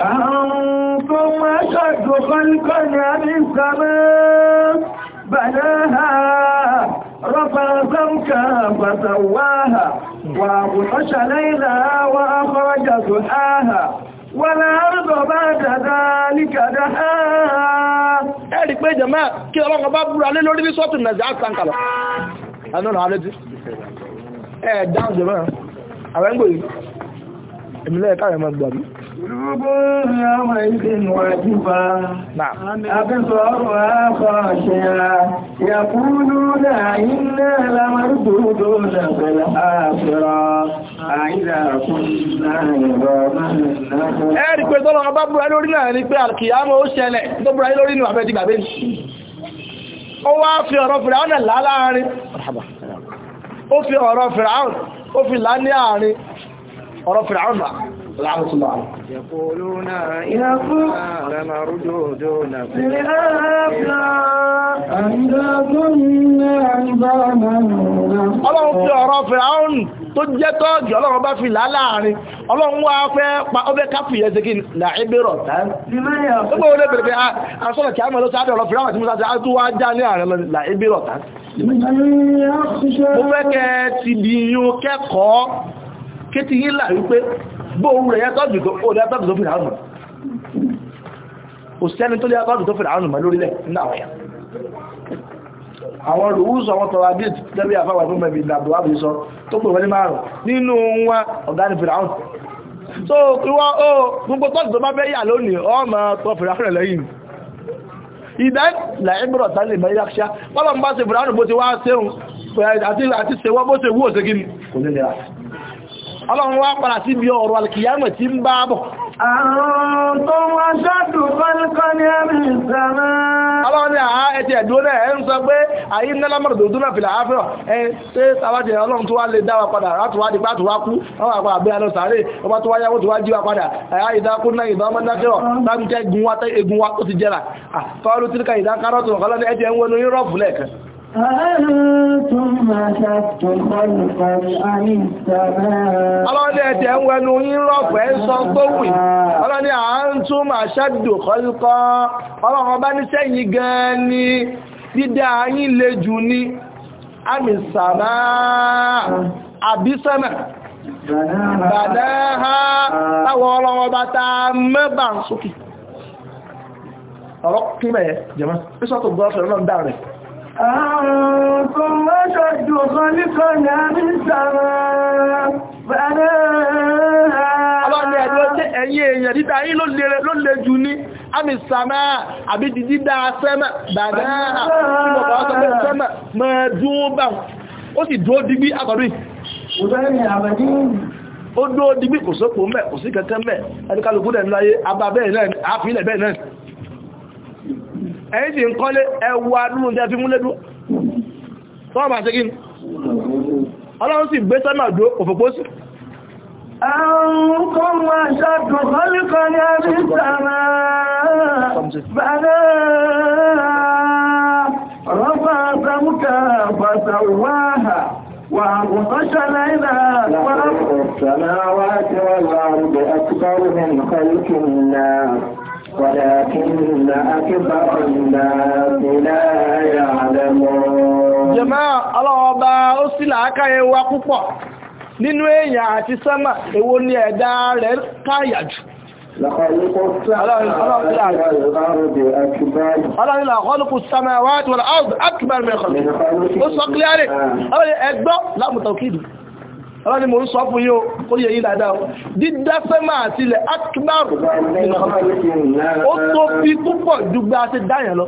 أنتم أشد خلقا عن السماء بناها رفع سمكها فسواها وأغطش ليلها وأخرج سحاها والأرض بعد ذلك دحاها ẹ̀rí pé jẹ̀mọ́ kí ọlọ́run bá búra lé lórí ní sọ́tù nàìjíríà àkàǹkàlọ̀ ẹ̀nà àrẹ́jì ẹ̀ẹ̀dáhùn jẹ̀mọ́ àwẹ́ngbò yìí èmi lẹ́yẹ káàrẹ̀ mọ́ gbàmí. Olúgbó ní àwọn ìdí níwájú bá. Àbẹ́sọ̀ ọ̀rọ̀ àpá ṣẹ́ra. Yàkúrú náà iná lámàrúgbòdó lẹ́bẹ̀lẹ̀ àṣírà. Àìdà kún náà ìrọ̀ máa tó búra lórí inú wá fi ọ̀rọ̀ Fìràún là láàárín. Ó fi ọ̀rọ̀ Fìràún, ó fi lá ní àárín ọ̀rọ̀ fìràúnà láàrùsùlọ́ ọlọ́run fi ọ̀rọ̀ fìràún tó jẹ́ tọ́ọ̀gì ọlọ́run bá fi láàárín ọlọ́run wá fẹ́ pa ọbẹ̀ káfì ẹ̀ síkí nà ẹgbẹ̀rọ̀ tán gbogbo olè bèèrè pé asọ́nà ah, kí a mọ̀ ló sáà dẹ̀ ọ̀rọ̀ fìràún àti músáà ah, tó wá já ní ààrẹ lọ nà ẹgbẹ̀rọ̀ tán mo fẹ́ kẹ́ ti bí yíó kẹ́kọ̀ọ́ kéti yí là wípé bóòrùn rẹ̀ yàtọ́jù tó lè yàtọ́jù tó fìràánù kò sẹ́ni tó lè yàtọ́jù tó fìràánù mẹ́ lórílẹ̀ náà àwọn olùwúsọ àwọn tọrọ àbí tẹ́lẹ̀ àfáwà fún mẹ́bí ìdàbòwàbí sọ tó pè wọ́n ní márùn nínú wọn ọ̀gá ni fìràánù so ìwọ o gbogbo tọ́jú tó bá bẹ́ yà lónìí ọmọ tọ fìràánù lẹ́yìn ìdá làíbùrọ̀ tálẹ̀ mẹ́yàkṣá wọ́n bá ń bá ṣe fìràánù bó ti wá ṣeun àti ṣe wọ́n bó ṣe ọlọ́run wá padà sí ibi ọ̀rọ̀ alkiyama tí ń bá bọ̀. àrùn tó wọ́n ṣọ́dù kọ́lùkọ́ ní ẹ̀mí ìsẹ̀mẹ́. ọlọ́run ni àá ẹ̀tì ẹ̀dúró náà ẹ̀ ń sọ pé àyí nẹ́lámọ̀rọ̀ tó dúnà fìlà áfẹ́rọ̀ ẹ̀ ṣe tàbátì ọlọ́run tó wá lè dáwà padà láti wá dìpá tó wá kú ọwọ́ àpá àbẹ́ alọ́ sàárè Ọlọ́ni ẹ̀jẹ̀ ń wẹnu yín rọ̀pẹ́ sọ gbówì. Ọlọ́ni à ń tún máa ṣẹ́dù kọ́lùkọ́. Ọlọ́run bá ní sẹ́yìn gan ni dídá yín le jù ní àmìsàmá àbísẹ́mẹ̀. Bàdá ha táwọn ọlọ́run bá ta mẹ́bà sókè. Ọ̀rọ̀ mẹ́ أنتم أشد خلقا من السماء Ẹ̀yin èèyàn dídá yí ló lè jù ní, a mi sàmá àbí dídá sẹ́mà, bàbá àbúgbọ̀bọ̀ ọ̀sọ̀fẹ́ sẹ́mà mọ́ dún bá ó sì dúó digbí àkọ̀rí. Ó dúó digbí kò sópò mẹ́, kò sí kẹ́kẹ́ mẹ́, ẹni kálukú ẹ̀yìn tí ń kọ́lé ẹwà dúró jẹ́ fi múlé tọ́wọ́ bá ṣe kí ọlọ́run sì gbé sọ́nà dúró òfòpó sí àwọn kọ́mù àṣàkọ̀ kọ́lùkọ́ ní àríṣàmà bàdá rọ́pàá sàmúkà pàtàwàhà وأغطش ليلا خلق السماوات والأرض ولكن أكبر الناس لا يعلمون جماعة الله ọba ó sì làákàyè wa púpọ̀ nínú èèyàn àti sánmà èwo ni ẹ̀dá rẹ̀ káyà jù Ọlọ́rin àkọlùkù sàmàwà àti wọ̀n àkùbàrẹ̀ mẹ́kọ̀lù. Ó sọ kílẹ̀ rẹ̀, ọlọ́rin ẹgbọ́ láàmùtàkìdì ọ̀rọ̀ ni mo ń sọ fún yíó kó yẹ yí dáadáa o dídá sẹ́mà àti ilẹ̀ akíbàrù ó tó bí púpọ̀ ju gbá ti dáyàn lọ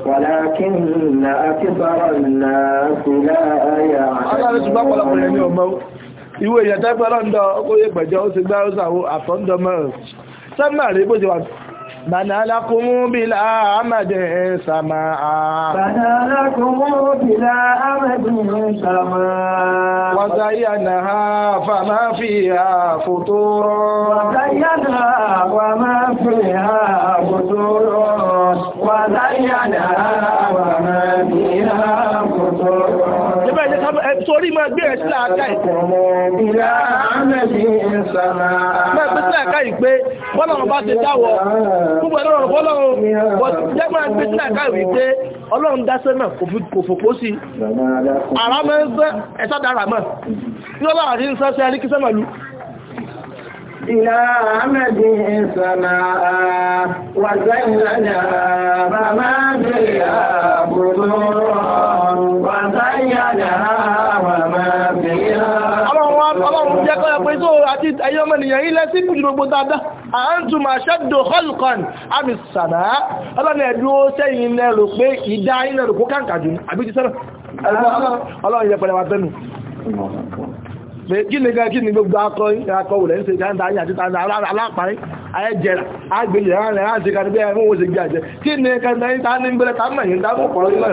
ìwé ìyẹ̀tẹ́gbẹ̀rọ̀ ń dọ́ ó yẹ gbẹ̀jọ́ ó ti gbá ó sàwó àtọ́ndọ́mọ́ sẹ́mà rí bó ti wà بنى لكم بلا عمد سماء بنى لكم بلا عمد سماء وزينها فما فيها فطور وزينها وما فيها فطور وزينها وما فيها فطور torí máa gbé ẹ̀sí làákàì. ìlà máa gbé sí làákàì pé bọ́lá bá ti púpọ̀ lọ́rọ̀ bọ́lá wọn jẹ́ máa gbé sí ọlọ́run dáṣẹ́ náà kò fòpó sí ara ń sẹ́ ẹ̀sá dára إلى عمده سماء وزينا فما قدور وزينا àti ẹ̀yọ́mọ̀nìyàn ilẹ̀ sí ìjùgbogbo dáadáa àántù máa ṣẹ́dọ̀ holkan àmìsànà ọlọ́nà ẹ̀dú ó sẹ́yìn ilẹ̀ rò pé ìdá ilẹ̀ rò kó kàǹkàjù àbíjísẹ́rọ̀ ọlọ́run yẹ pẹ̀lẹ̀ wà bẹ́nu pé kí ni kí ni gbogbo akọwò lẹ́ ń ṣe ìdáńdá ayé àti tàndà alápàárí ayẹ́jẹ̀rà agbèjì ránlẹ̀ láti kan bí ẹmú oṣù gbé àjẹ́ kí ni kẹta ní tàbí gbẹ́lẹ̀ tàbí mẹ́yìn tàbí ọ̀pọ̀lọ́ ilẹ̀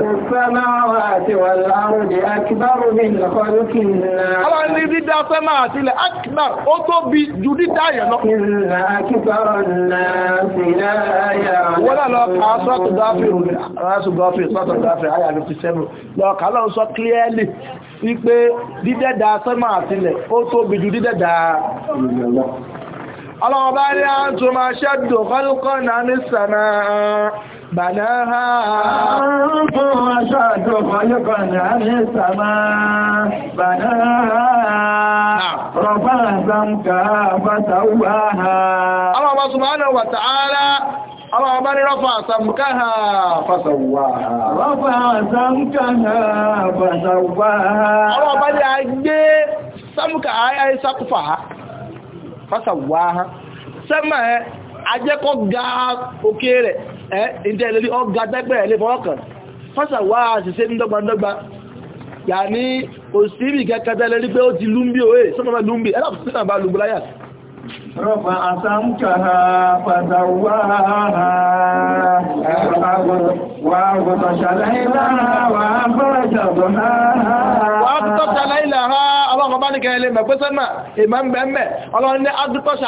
ọ̀rọ̀ ní dídá sẹ́mà àti ilẹ̀ akíbar ó tó bí ju dídá yẹ̀ lọ wọ́n lọ pa sọ́tọ̀ gáfì rásù gáfì sọ́tọ̀ gáfì ayà 57 lọ kà lọ́n sọ clearly wípé dídẹ́dà sẹ́mà àtìlẹ̀ ó tóbi ju dídẹ́dà ọlọ́ọ̀bá ní à tó máa ṣẹ́dù kọ́lùkọ́ náà ní sàmà bàná ha fún wọn ṣàdù kọ́lùkọ́ náà ní sàmà bàná ha rọ̀fà ọlọ́wọ́ bá ní rọ́fà àsàmùkáhà fàṣàwàhà rọ́fà àsàmùkáhà fàṣàwàhà ọlọ́wọ́ bá ní agbé sàmùkà ayáyé sákùfà fàṣàwàhà sẹ́mà ẹ ajẹ́kọ́ ga òkè rẹ̀ ẹ́ ìdẹ́lẹ́lẹ́ ọgá tẹ́gbẹ̀ ẹ̀lẹ́ fọ́ọ̀kàn fàṣàwàhà sì ṣe ní dọ́gbandọ́gba yà ní òsìrì kẹkẹtẹ́lẹ́lẹ́ pé ó ti lúmbí òwe eh, sọ́mọ́ رفع سمكها فسواها وأغطش ليلها وأخرج ضحاها وأغطش ليلها ọlọ́run bá ní kẹrẹ lè mẹ̀ pẹ́sẹ́mà ìmọ̀ ń bẹ̀ẹ́mẹ̀ ọlọ́run ní adúkọ́ṣà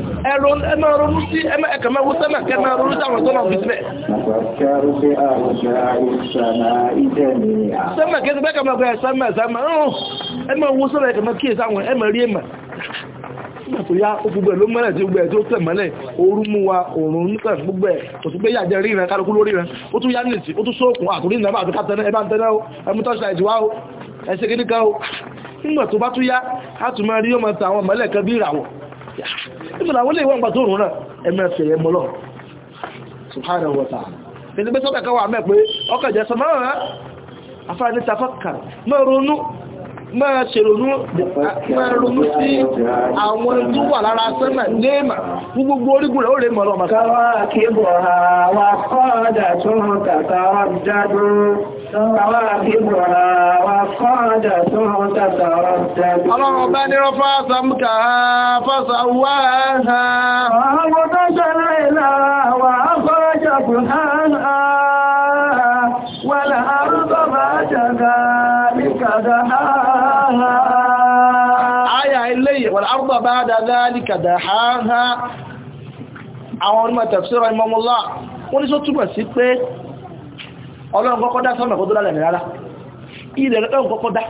Eke ẹmọ ronú sí ẹkẹmọ ẹwọ sẹ́mà kẹmọ ronú sí àwọn tọ́nà bìtìmẹ̀. sẹ́mà kẹsì bẹ́ẹ̀ kẹmọ ẹgbẹ́ sẹ́mà sẹ́mà ẹmọ ẹwọ sẹ́mà ẹkẹmọ kíyè sáwọn ẹmọ rí ẹmà. nígbà tó yá gbogbo ẹ̀ ló mẹ́rẹ̀ tí gbogbo mú wa gbogbo ẹ̀ lórí rẹ̀ ó tún yá ó tún ìnáwó àti nígbà àwọn ilé ìwọ̀n gbà tó rùn náà ẹmẹ́ ẹ̀fẹ̀ ẹmọ lọ subhanahu wa ta'ala ẹni pé sọ́kà kan wà mẹ́ pé ọkọ̀ ìjẹsọ mọ́ máa ṣèrònú máa ronú sí àwọn tó wà lára sẹ́mà léèmà gbogbo orígun rẹ̀ ó lè mọ̀ káwá kíbọ̀ àwa kọ́ọ̀dà tó tó ń tàtà wá jádó. ọlọ́run bá tó àwọn ọmọ bá dáadáa ní kàdà ha ha àwọn onímọ̀ tafsir imamullah wọ́n ní só túnmọ̀ sí pé ọlọ́run kọ́kọ́ dá sọ́nà kó tó lálẹ̀ rárá ilẹ̀ lọ́run kọ́kọ́ dá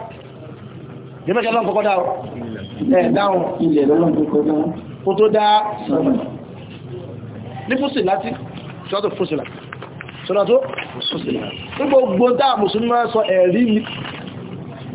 jẹ́mẹ́kẹ́ lọ́run kọ́kọ́ dá ẹ̀ dáhùn ilẹ̀ lọ́run kọ́kọ́ dá kó tó dá sọ́nà ní fúsì láti ṣọ́tọ̀ fúsìlà ṣọ́tọ̀ fúsìlà gbogbo dáa mùsùlùmí sọ ẹ̀rí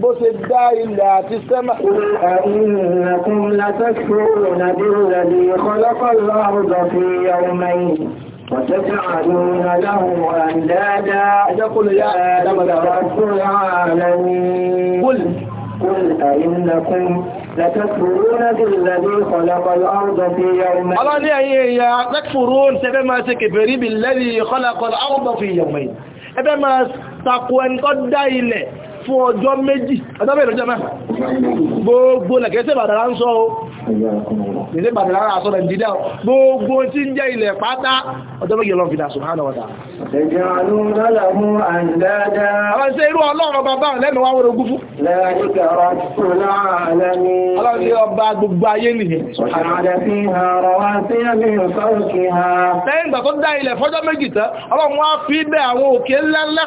bó ṣe dá ilẹ̀ àti sẹ́mà. Ẹ̀yìnkún látẹ́kùrù nàbí ìrẹ̀lẹ̀ ìkọlọ́kọ̀lọ́ àrùdọ̀ وتجعلون له أندادا يقول يا آدم رب العالمين قل قل أئنكم لتكفرون بالذي خلق الأرض في يومين الله ليه يا تكفرون سبما تكفري بالذي خلق الأرض في يومين ebe ما takwen to da fún ọjọ́ méjì ọjọ́bẹ̀ ìrọjọ́ mẹ́ gbogbo lẹ̀kẹ́sẹ̀ bàdàrà ń sọ o ìsẹ́ bàdàrà àṣọ nàìjíríà gbogbo tí ń jẹ́ ilẹ̀ pátá ọjọ́ méjì lọ fìdà subhanahu wa ta'ala Lẹ́yìn ìgbà tó dá ilẹ̀ fọ́jọ́ méjì tán, ọlọ́run wá fi bẹ́ àwọn òkè ńlá ńlá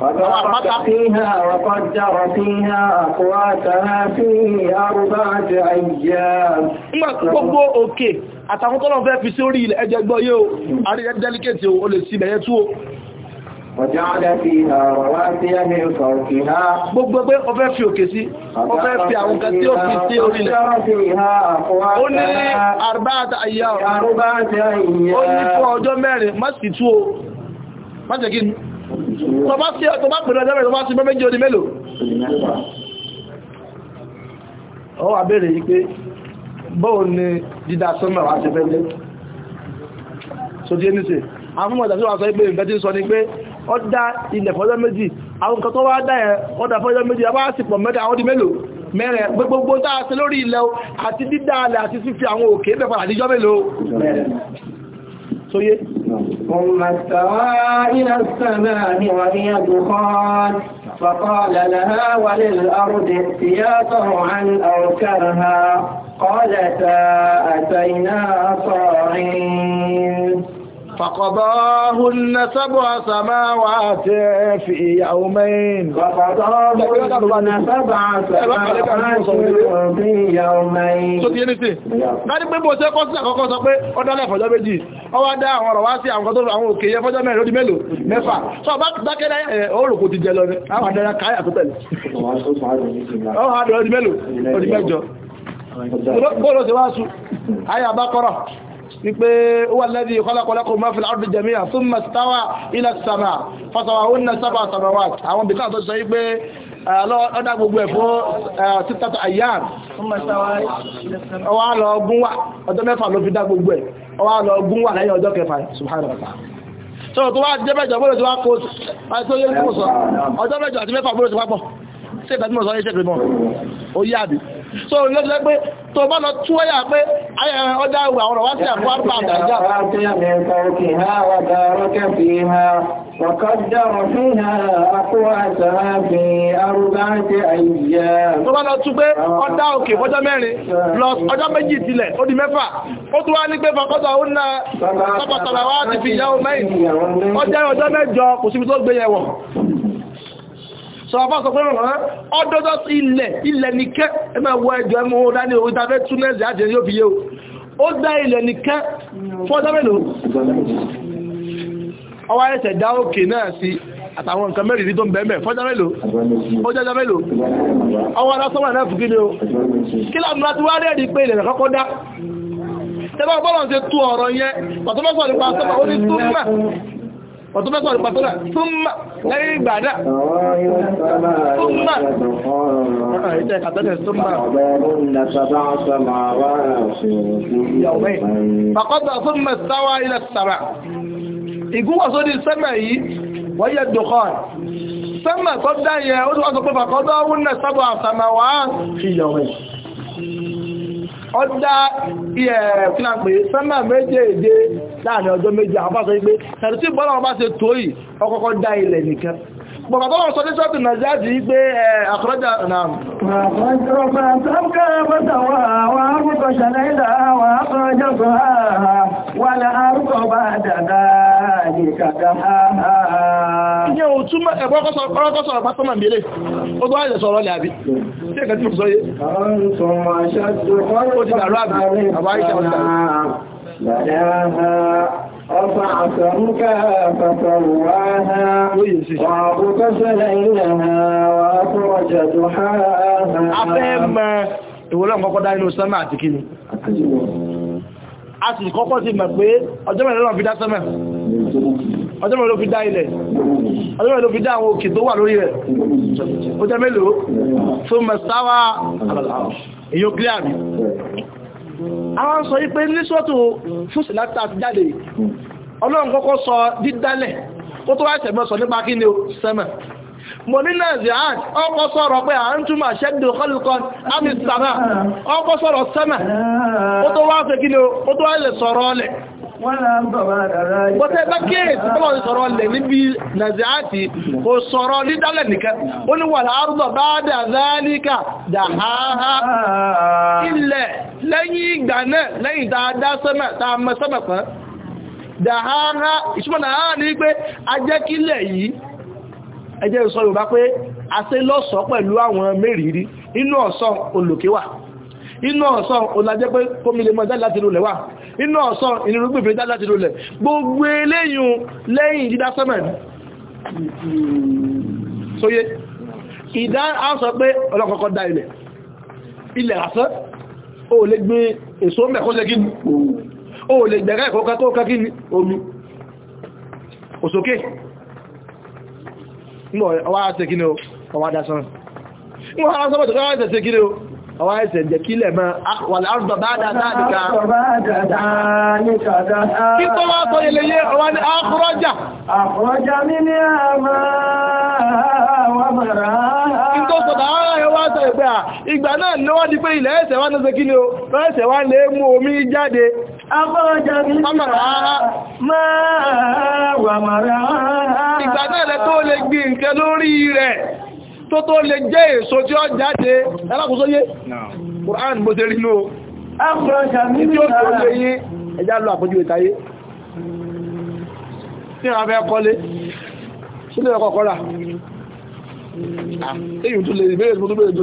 فبارك فيها وقدر فيها أقواتها في أربعة أيام gbogbo òkè àtàwọn tọ́lọ̀ fẹ́ fi sí orí ilẹ̀ ẹjẹ́ gbọ́ yóò àríyẹ dẹ́líkẹ̀tì o lè sí bẹ̀yẹ tó gbogbo pé o fẹ́ fi òkè sí o fẹ́ fi àwọn kan tí ó fi sí orí ilẹ̀ ó ní àrùbáàtà àyà ó ní fún ọjọ́ mẹ́rin má sì tú o má jẹ́ kí ni tọba sí ọkọ̀ bá pẹ̀lú ọjọ́ rẹ̀ tọba sí mẹ́mẹ́jì orí mélòó ọ wà bèèrè yìí pé bóò ni dídá sọ́mọ̀ wá ti fẹ́ lé so díẹ̀ ní sí àwọn ọmọ ìdàsíwà sọ pé nǹkan tí ń sọ ni pé ọ dá ilẹ̀ fọ́jọ́ méjì àwọn nǹkan tó wá dá a ṣe lórí ilẹ̀ àti dídá alẹ̀ àti fífi àwọn òkè mẹ́fà àdíjọ́ mélòó sóyé ثم استوى إلى السماء وهي دخان فقال لها وللأرض ائتيا طوعا أو كرها قالتا أتينا صاعين فقضاهن سبع سماوات في يومين فقضاهن سبع سماوات في يومين Dárí pé bó ṣe kọ́ sí àkọ́kọ́ sọ pé ó dálẹ̀ fọ́jọ́ méjì, ó wá dá àwọn ọ̀rọ̀ wá sí àwọn ọ̀tọ́rọ̀ àwọn òkè yẹ fọ́jọ́ mẹ́rin lórí mélòó mẹ́fà. Sọ bá dákẹ́dá òòrùkú ti jẹ lọ rẹ̀, àwọn àdára káyà tó tẹ̀lé. Ó wá dá wípé wà lẹ́dí kọ́lákọ́lákọ́ máa fi àrùn jẹ̀mí àtún mẹ́sítáwà ilẹ̀ sàmà fọ́sàwà ó nà sábà sàmàwà àwọn bìkan tó sọ wípé ọ̀dà gbogbo ẹ̀ fún títàtà àyàn ọwọ́ lọ gún wà ọjọ́ mẹ́fà ló fi dá gbogbo ẹ̀ ọwọ́ lọ gún wà lẹ́yìn ọjọ́ kẹfà subhanahu wa ta'ala sọ tó wá jẹ́ mẹ́jọ bóòlù tí wá kó ọjọ́ mẹ́jọ àti mẹ́fà bóòlù tí wá pọ̀ sí ìgbàdúmọ̀ sọ so lọ́jọ́ pé tó bá lọ tú ọ́yà pé ọjà ìwà ọ̀rọ̀ wá sí àpò àpá àdájá وقدر فيها أقواتها في أربعة أيام. tó bá lọ tú pé ọdá òkè fọ́jọ́ mẹ́rin plus ọjọ́ méjì tilẹ̀ ó di mẹ́fà ó tún wá ní pé fọ́kọ́tọ̀ ó ná sọ́pọ̀tọ̀lá wá ti fi ìyàwó mẹ́rin ọjọ́ ọjọ́ mẹ́jọ kò síbi tó gbé yẹ̀wọ̀ sọ̀rọ̀fà sọ pé rọ̀rọ̀ ọdọ́dọ́ sí ilẹ̀ ilẹ̀ nìkẹ́ ẹmẹ́ wọ ẹjọ́ ẹmọ dání orí tàbí túnẹ̀sì àti yóò fi yé o ó dá ilẹ̀ nìkẹ́ fọ́jọ́ mélòó ọwá ẹsẹ̀ dá òkè náà sí àtàwọn nǹkan mẹ́rin tó ń bẹ̀ẹ́mẹ̀ fọ́jọ́ mélòó ó jẹ́jọ́ mélòó ọwọ́ ọdọ́ sọ́wọ́ náà fìdí ni o kí lọ́dún láti wá rẹ́ẹ̀dì pé ilẹ̀ kọ́kọ́ dá tẹ́lá bọ́lọ̀ ṣe tú ọ̀rọ̀ yẹn pàtó mọ́sọ̀ nípa sọ́mọ́ ó ní túmọ̀ ọ̀tọ́ mẹ́kọ̀ ọ̀rọ̀ pàtọ́lá túnmà lẹ́yìn ìgbàdá túnmà ìjẹ́ àtẹ́lẹ̀ túnmà fàkọ́tà túnmà sáwà ilẹ̀ sàrà ìgúnwà sódí sẹ́mà yìí wọ́yẹ̀ dùkọ́ sẹ́mà tó dáyẹ ó tó wá sọ pé fàkọ́tà ó ń ọdá iẹ̀ kí náà pé sẹ́mà méjèèje láàrin ọjọ́ méjì àwọn bá sọ wípé ẹ̀rù tí bọ́lá wọn bá ṣe tó yìí ọkọ̀kọ́ dá ilẹ̀ nìkan bàbá tó sọ ní sọ́tù nàìjíríàjì pé àkọ́rọ́jà náà Ìyẹn ò túnmọ̀ ẹ̀bọ́ ọkọ́sọ̀rọ̀ pàtàmà mìírí, ó tó wáyé sọ̀rọ̀ lẹ́ àbí, tí ẹ̀kẹ́ tí mo sọ yé. Ó ti dàrú àbí, àbáyé ṣe ọ̀tà. رفع سمكها فسواها وأبطش ليلها وأخرج ضحاها afẹ́mọ̀ ìwòlọ́n kọ́kọ́ dá inú sánmà àti kí ni a sì kọ́kọ́ sí mọ̀ pé ọjọ́ mẹ́rin lọ́nà fi dá sánmà ọjọ́ mẹ́rin ló fi dá ilẹ̀ ọjọ́ mẹ́rin ló fi dá àwọn òkè tó wà lórí rẹ̀ ó jẹ́ mélòó fún mẹ́sáwà àwọn sọ wípé ní sọ́tò fúsì láti àti jáde ọlọ́run kọ́kọ́ sọ dídálẹ̀ kó tó wá ìṣẹ̀gbọ́n sọ nípa kí ni ó sẹ́mẹ̀ mo ní nazi'at ọkọ̀ sọ̀rọ̀ pé à ń túmọ̀ ṣẹ́gbẹ̀ kọ́lùkọ́ àmì sàmà ọkọ̀ sọ̀rọ̀ sẹ́mà ó tó wá fẹ́ kí ni ó tó wá lè sọ̀rọ̀ ọlẹ̀ bọ́tẹ́ bá kéèsì tọ́lọ̀ ní sọ̀rọ̀ lẹ̀ níbi nàìjíríàtì kò sọ̀rọ̀ ní dálẹ̀ nìkan ó ní wà ẹjẹ́ sọ Yorùbá pé a ṣe lọ́sọ̀ pẹ̀lú àwọn mẹ́rìírí inú ọ̀sán olòkè wà inú ọ̀sán olájẹ́ pé kómìlè mọ́ jáde láti lulẹ̀ wà inú ọ̀sán ìrìnrúgbìn fèrè jáde láti lulẹ̀ gbogbo eléyìn lẹ́yìn dídá sẹ́mẹ̀ sóyé ìdá a sọ pé ọlọ́kọ̀ọ́kọ́ dá ilẹ̀ ilẹ̀ àṣẹ́ o lè gbé èso mẹ́kọ́sẹ́ kí o lè gbẹ̀rẹ́ ìkọ́kọ́ kí omi òsòkè nígbà ọwá àti kí ni ó ọwá dá sọ́rọ̀ nígbà ọwá sọ́rọ̀ tó káwàá ìtẹ̀sẹ̀ kí ni ó ọwá ẹ̀sẹ̀ jẹ́ kí lẹ̀ mọ́ wà láàrùbà bá dá dáadìka kí tó wá tó ilé yé ọwá ní àkúrọ́jà àkúrọ́jà mi ní àmà wà mọ̀rá kí tó sọ̀tà ara ẹ̀ wá sọ ìgbà náà lọ́wọ́ di pé ilẹ̀ ẹ̀sẹ̀ wá ní Abọ́jàrí máa wà màrà. Ìgbà náà lẹ tó lè gbí nǹkan lórí rẹ̀ tó tó lè jẹ́ èso tí ó jáde. Ẹlákùnsóyé? Kùrán bó ṣe rí ló. Abọ́jàrí máa wà Ẹjá lọ àpójú ìtayé. Tí a fẹ́ kọ́lé, sílé ọkọ̀ kọ́ra. Èyí tó lè ìbéèrè tó bèèrè tó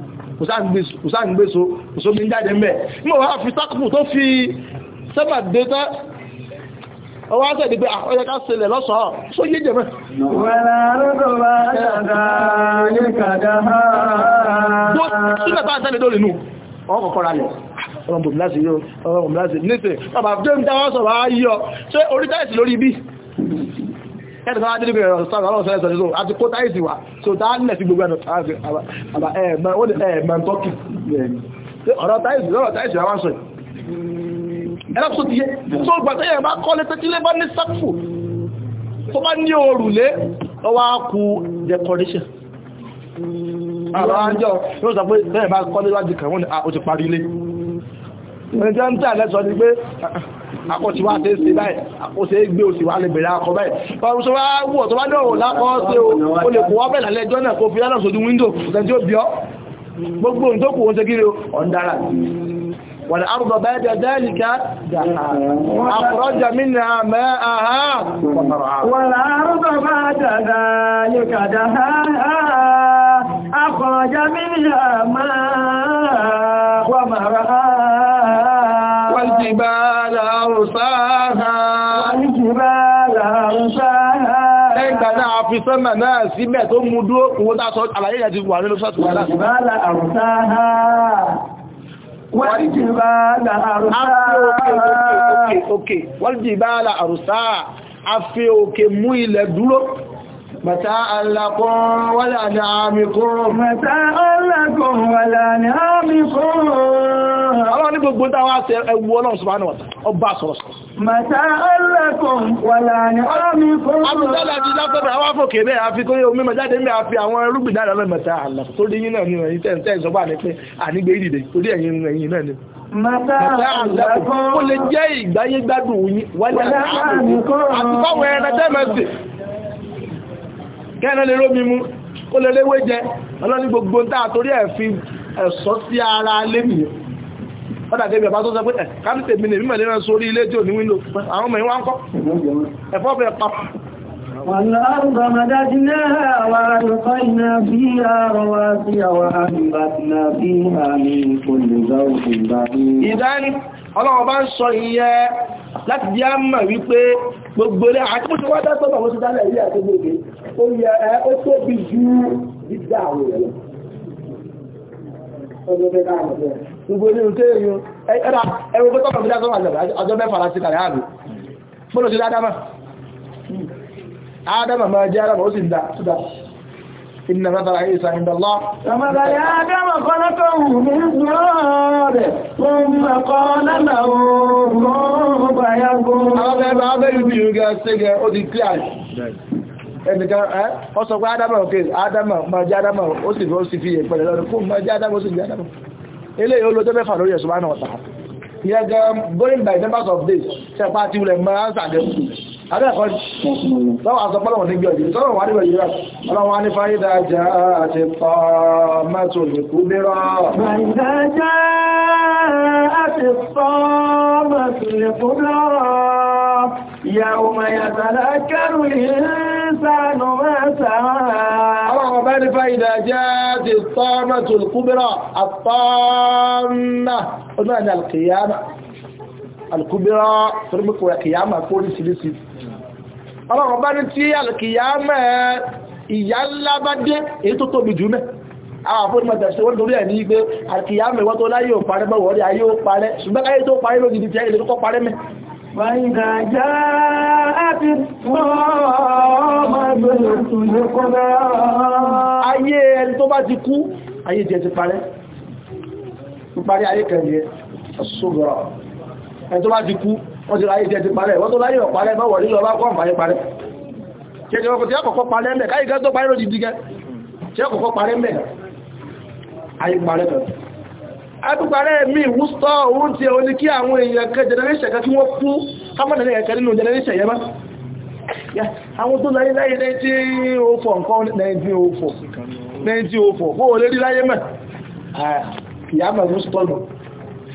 kùsáàgbèso òsómi jáde mẹ́ mọ́ wá fi sákùpù tó fi sẹ́bà dẹ́tẹ́ ọwọ́ á pé ọyẹ ká sílẹ̀ lọ́sọ̀ọ́ só yé jẹ́ mẹ́ ọkọ̀kọ̀ra lẹ̀ ọmọ bùbùláṣì yóò ọmọ bùbùláṣì nítẹ̀ ọmọ àfẹ́ ìdáwọ́sọ̀rọ̀ ayọ́ ṣe orí táìsì lórí ibi ẹni tó wájú níbi ẹ̀rọ sọ́rọ̀ ọlọ́run sọ́rọ̀ sọ́rọ̀ àti kó táìsì wà so tá nílẹ̀ sí gbogbo ẹ̀mọ̀ tọ́kì ọ̀rọ̀ táìsì lọ́rọ̀ táìsì àwọn sọ ẹ̀rọ̀sọ́ ti yé tó gbàtẹ́ yẹ̀ bá kọ́ lẹ́tẹ́ tílé bá ní sáfù tó bá ní òrùlé ọwá kú decoration àwọn àjọ yóò sọ pé bẹ́ẹ̀ bá kọ́ ah, lẹ́wàá akọ́sí wá tẹ́ sí báyìí akọ́sí gbé òsì wá lè bèrè akọ báyìí ọ̀run sọ wá wọ̀ tó bá dọ̀rọ̀ lákọ́ sí o ó lè kó wá lálẹ́ ẹjọ́ náà kó fi lánà sójú wíńdò ọ̀sẹ̀ ó bí ọ́ gbogbo ohun tó kù ó ṣe kí ni ọ̀ndára wọ̀n àrùbọ̀ bá ẹ̀dẹ̀ والجبال أرساها والجبال أرساها Ẹgbà náà fi sánmà náà síbẹ̀ tó mú dúró kúrò náà sọ àlàyé ìyàjí wà nínú sọ́tùwà náà. Ìbálà àrùsáhá. Wàlìjìbálà àrùsáhá. Òkè, òkè, òkè, متاعا لكم ولأنعامكم متاعا لكم ولأنعامكم Ọlọ́run ní gbogbo dáwà ṣe ẹwú Ọlọ́run subhanahu wa ta'ala ọba sọ̀rọ̀sọ̀rọ̀. Mata'a lakum wa lani'amikum. Abúdálà ti dákọ̀dà wá fòkè bẹ́ àfi kó yẹ omi mẹ́jáde mẹ́ àfi àwọn ẹrùgbìn dáadáa lọ mata'a lakum tó dé yín náà ní ẹ̀yìn tẹ́ ìsọ́gbà ní pé ànígbé ìdìdè tó dé ẹ̀yìn ẹ̀yìn náà ni. Mata'a lakum. Ó lè jẹ́ ìgbáyé gbádùn yín wálé àti báwọn ẹran kẹ́ẹ̀nà lè rómi mú ó lè léwé jẹ ọlọ́ni gbogbo ń táà torí ẹ̀ fi ẹ̀sọ́ sí ara lẹ́mìí ọ̀dà débi ọ̀bá tó sọ pé kápítẹ̀ mi nè mímọ̀ lẹ́rán sórí ilé tí ò ní wíńdò àwọn ọmọ ìwọ́n kọ́ ẹ̀fọ́ bẹ̀rẹ̀ والأرض مددناها وألقينا فيها رواسي وأنبتنا فيها كل زوج بهيج إذن ọlọ́wọ́ bá ń sọ iye láti jẹ́ àmà wípé gbogbo ilé àtúnṣe wá dá sọ́nà wọ́n ti dálẹ̀ ilé àti gbogbo ó yẹ ẹ́ ó tóbi ju dídá àwọn ẹ̀lọ́ gbogbo ilé ìrùté èèyàn ẹ̀rọ pẹ́tọ́kọ̀ fi dá sọ́nà ádámà máa jẹ́ ádámà ó sì dá inna mẹ́tàrà ìsà ìdàlá ọmọdé ádámà kọ́lọ́tọ̀ òun ní ìgbọ́ọ̀dẹ̀ fún ọkọ̀ lọ́nà òun ọgbà yagun àwọn ẹgbẹ́ abẹ́rẹ́ ibi ìrúgẹ́ ṣẹ́gẹ́ ó ti clear ẹnìkan ẹ́ ọ sọ pé ádámà òkè ádámà máa jẹ́ ádámà ó sì fi ó sì fi yẹ pẹ̀lẹ̀ lọ́dún fún máa jẹ́ ádámà ó sì jẹ́ ádámà eléyìí ó lo tó mẹ́fà lórí ẹ̀sùn bá náà tà yẹ gan going by numbers of days ṣẹ̀pá ti wulẹ̀ máa ń sàgẹ̀kù abẹ́ẹ̀kọ́ lọ́wọ́ àsọpọ́lọ́wọ́ ní gbẹ̀ọ́dì sọ́rọ̀ wà níbẹ̀ yìí rẹ̀ ọlọ́wọ́ ní fàídà jẹ́ àti tọ́mẹ́tò lèkú lérọ́ fàídà jẹ́ àti tọ́mẹ́tò lèkú lérọ́ يوم يتذكر الإنسان ما سعى الله بارك فإذا جاءت الطامة الكبرى الطامة ومعنى القيامة alkubira torípòkò ẹ̀kìyàmà kó rí sílísì ọlọ́rọ̀ bá ní tí alkìyàmà ìyá ńlá bá dé èyí tó tóbi jù mẹ́ àwọn àfọ́nìmọ̀tẹ̀ ṣe wọ́n torí ẹ̀ ní pé alkìyàmà ìwọ́n tó láyé ò parẹ́ bọ́wọ́ rí ayé ò parẹ́ ṣùgbọ́n káyé tó parẹ́ lójijì tí ayé lè kọ́kọ́ parẹ́ mẹ́ وإذا جاءت الطامة الكبرى ẹni tó bá ti kú wọ́n ti ráyé jẹ́ ti parẹ́ wọ́n tó láyé ọ̀parẹ́ mọ́wọ̀ nílò ọba kọ́ àǹfààní parẹ́ kẹjọ ọkọ̀ tí ọkọ̀kọ́ parẹ́ mẹ́ káyíká tó parẹ́ lójì dígẹ́ tí ọkọ̀kọ́ parẹ́ mẹ́ ayé parẹ́ tọ̀ àtúparẹ́ mi wústọ́ òun ti ẹ̀wọ́n ni kí àwọn èèyàn kẹ generation kan kí wọ́n kú kámọ́nà ẹ̀kẹ́ nínú generation yẹn bá àwọn tó láyé láyé 1904 nǹkan 1904 1904 bó o lè rí láyé ah, ìyá mẹ́ wústọ́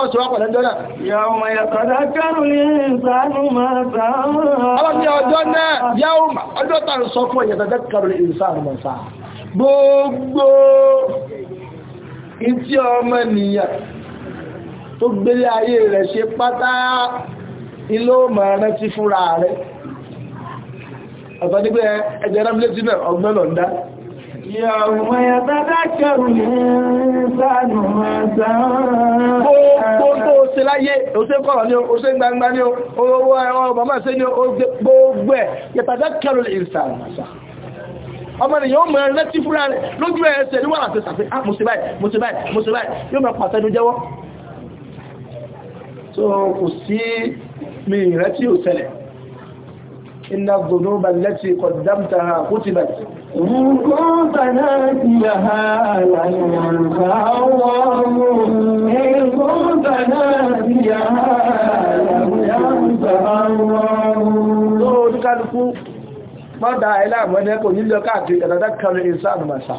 ọlọ́run ti wá pẹ̀lẹ́ jọ́nà. Yàwùmọ̀ yàkọ̀dá kẹrù ní ìsánú máa sáà. Ọlọ́run ọjọ́ náà yàwùmọ̀ ọjọ́ tàbí sọ fún ìyàtọ̀dá kẹrù ní ìsánú máa sáà. Gbogbo ìtí ọmọ ènìyàn tó gbélé ayé rẹ̀ ṣe pátá ilé ọmọ rẹ̀ ti fúnra Yàwó yàtàdákẹrù ní sánù máa sáà. Ó tó ṣe láyé, ó ṣe kọ̀rọ̀ ní ó ṣe gbangba ní owó ẹ̀rọ bàbá ṣe ní ó gbogbo ẹ̀ yàtàdákẹrù ní sánù máa sáà. Ọmọ ènìyàn mọ̀ ẹ̀rẹ́ tí fúnra rẹ̀ lójú ẹ̀ẹ́sẹ̀ níwọ̀n àti sàfẹ́, ah, mo ṣe báyìí, mo ṣe báyìí, mo ṣe báyìí, yóò mọ̀ pàtẹ́nu jẹ́wọ́ so kò sí mi ìrẹ́ tí ò ṣẹlẹ̀ إن الذنوب التي قدمتها كتبت إن كنت ناسيها لن الله إن كنت ناسيها لن ينفع الله kálukú mọ́dá ilá àmọ́dẹ́kò nílò káàkiri ẹ̀dàdá kan ìsáàdùmọ̀sá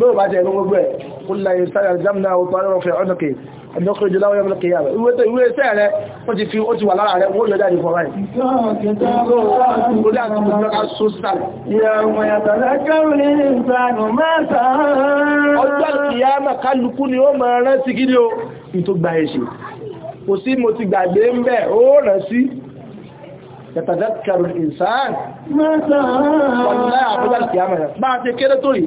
bóò bá jẹ́ gbogbo ẹ̀ kúlá ìsáyà jamna ọ̀tọ́rọ̀ fẹ́ ọ̀nàkè ọ̀nàkèjì láwọn yọmọ kìí yàwó ìwé ìwé iṣẹ́ rẹ̀ ó ti fi ó ti wà lára rẹ̀ wó yọjá ní fọ́nrán kò sí mo ti gbàgbé ń bẹ̀ ó rẹ̀ sí ẹ̀tàdẹ́kẹ̀rù ìsáàn mẹ́ta ọ̀nà àbúgbà ìkìyàmẹ̀ bá ti kéré tó yìí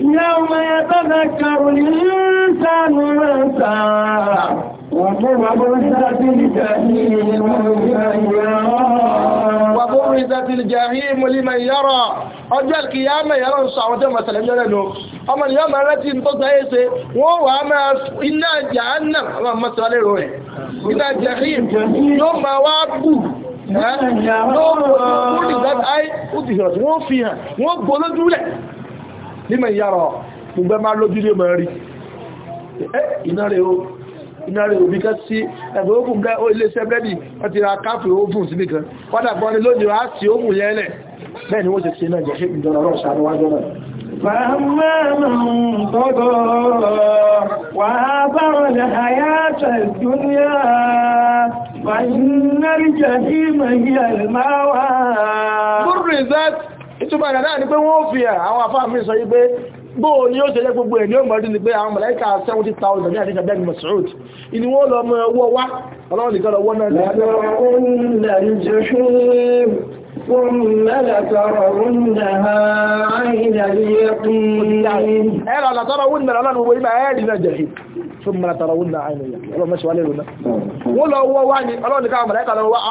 يوم يتذكر الإنسان ما سعى وبرزت الجحيم لمن يرى وبرزت الجحيم لمن يرى ọjọ́ ìkìyàmẹ̀ yẹ́rọ ń sọ àwọn tẹ́ mọ̀sẹ̀lẹ̀ ń yọ́rẹ̀ lọ ọmọ ni yọ́ máa rántí tó sáyé ṣe wọ́n wà máa iná jahannam àwọn mọ̀sẹ̀lẹ̀ rẹ̀ iná jahim yóò máa wá bù wọ́n fi hàn wọ́n nímọ̀ ìyàrọ̀ gbogbo máa lójú lé mọ̀ rí ìnáre o ìnáre kẹ́ sí ẹgbẹ̀ òkùn iléeṣẹ́ brẹ́dì wọ́n ti ra káàpù òfún sí nìkan wọ́n dàpọ̀ ní lónìí wá sí òkùn yẹ́lẹ̀ bẹ́ẹ̀ ni wọ́n ti ṣe náà jẹ́ ṣe ìjọra ọ̀rọ̀ ṣàánúwájọ́ náà ìtumọ̀ ìrìn náà ni pé wọ́n fi àwọn àfáà mi sọ yí pé bóò ni ó ṣe jẹ́ gbogbo ẹ̀ ní ọmọdún ni pé àwọn mọ̀láíkà 70,000 ní àdíjà bẹ́ẹ̀ ni Mas'ud ìní wọ́n lọ mọ ọwọ́ wá ọlọ́run nìkan lọ wọ́n náà ní ẹ̀rọ látọ́rọ̀wọ́n náà lọ́nà gbogbo ìgbà ẹ̀rìnà jẹ̀hì fún mọ̀látọ́rọ̀wọ́n náà àìyàn ọlọ́mọ̀ṣẹ́wálẹ̀ rọ́nà wọ́n lọ wọ́ wá ní ọlọ́run nìkan àwọn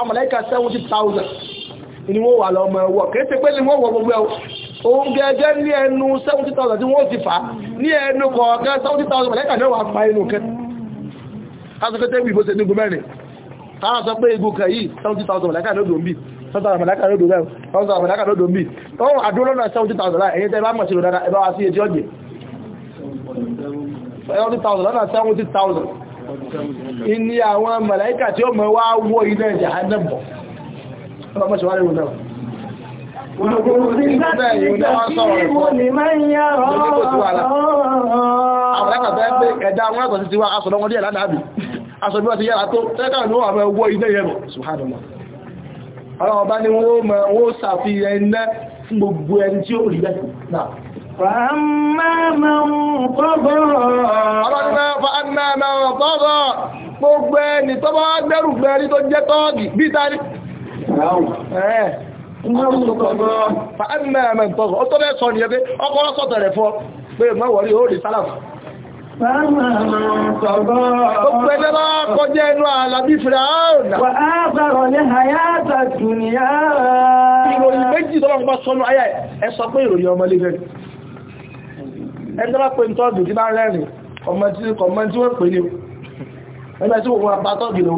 mọ̀láíkà 70,000 ni wọ́n wà lọ́mọ ẹwọ́ kéèsè pé ní wọ́n wọ gbogbo ẹwọ́ òun gẹ́gẹ́ ní ẹnu 70,000 tí wọ́n ti fà ní ẹnu kọ̀ọ̀kan 70,000 mẹ́lẹ́kà náà wà pa inú kẹ́ aṣọ́kẹ́tẹ́ se nígun mẹ́rin tàà sọ pé 70,000 mẹ́lẹ́kà náà dùn bí sọ́tàrà mẹ́lẹ́kà náà dùn bí sọ́tàrà mẹ́lẹ́kà náà dùn bí 70,000 láì ẹ̀yẹ́ tẹ́ bá mọ̀ sí ìrọ̀dára ẹ̀bá wá sí ẹjọ́ jẹ́ 70,000 70,000 ìní àwọn mẹ́lẹ́kà tí ó mọ̀ wá wọ́ iná ìjà ọlọ́mọ́sí wá lẹ́wọ̀n náà Olùgbòrò ní ìgbẹ́ ìwọ̀n náà wọ́n sọ̀rọ̀ rẹ̀ fún gbogbo ẹni tí ó rí bẹ́ẹ̀ náà. Fàámà máa ń kọ́bọ̀. Ọlọ́dún fàámà máa ń kọ́bọ̀. Gbogbo ẹni tó bá gbẹ́rù gbẹ́rí tó jẹ́ tọ́ọ̀gì bí tani. Gbogbo ẹgbẹ́ bá kọjá ẹnu àlàbí Fìràáùnà. Wà á bàrọ̀ ní àyàtà dùnìyà. Ìròyìn méjì tọ́lọ́pù bá sọ́nú ayá ẹ sọ pé ìròyìn ọmọ lè rẹ̀. Ẹgbẹ́ pé ń tọ́jú tí bá rẹ̀rìn, ọmọ tí wọ́n pè ní ọmọ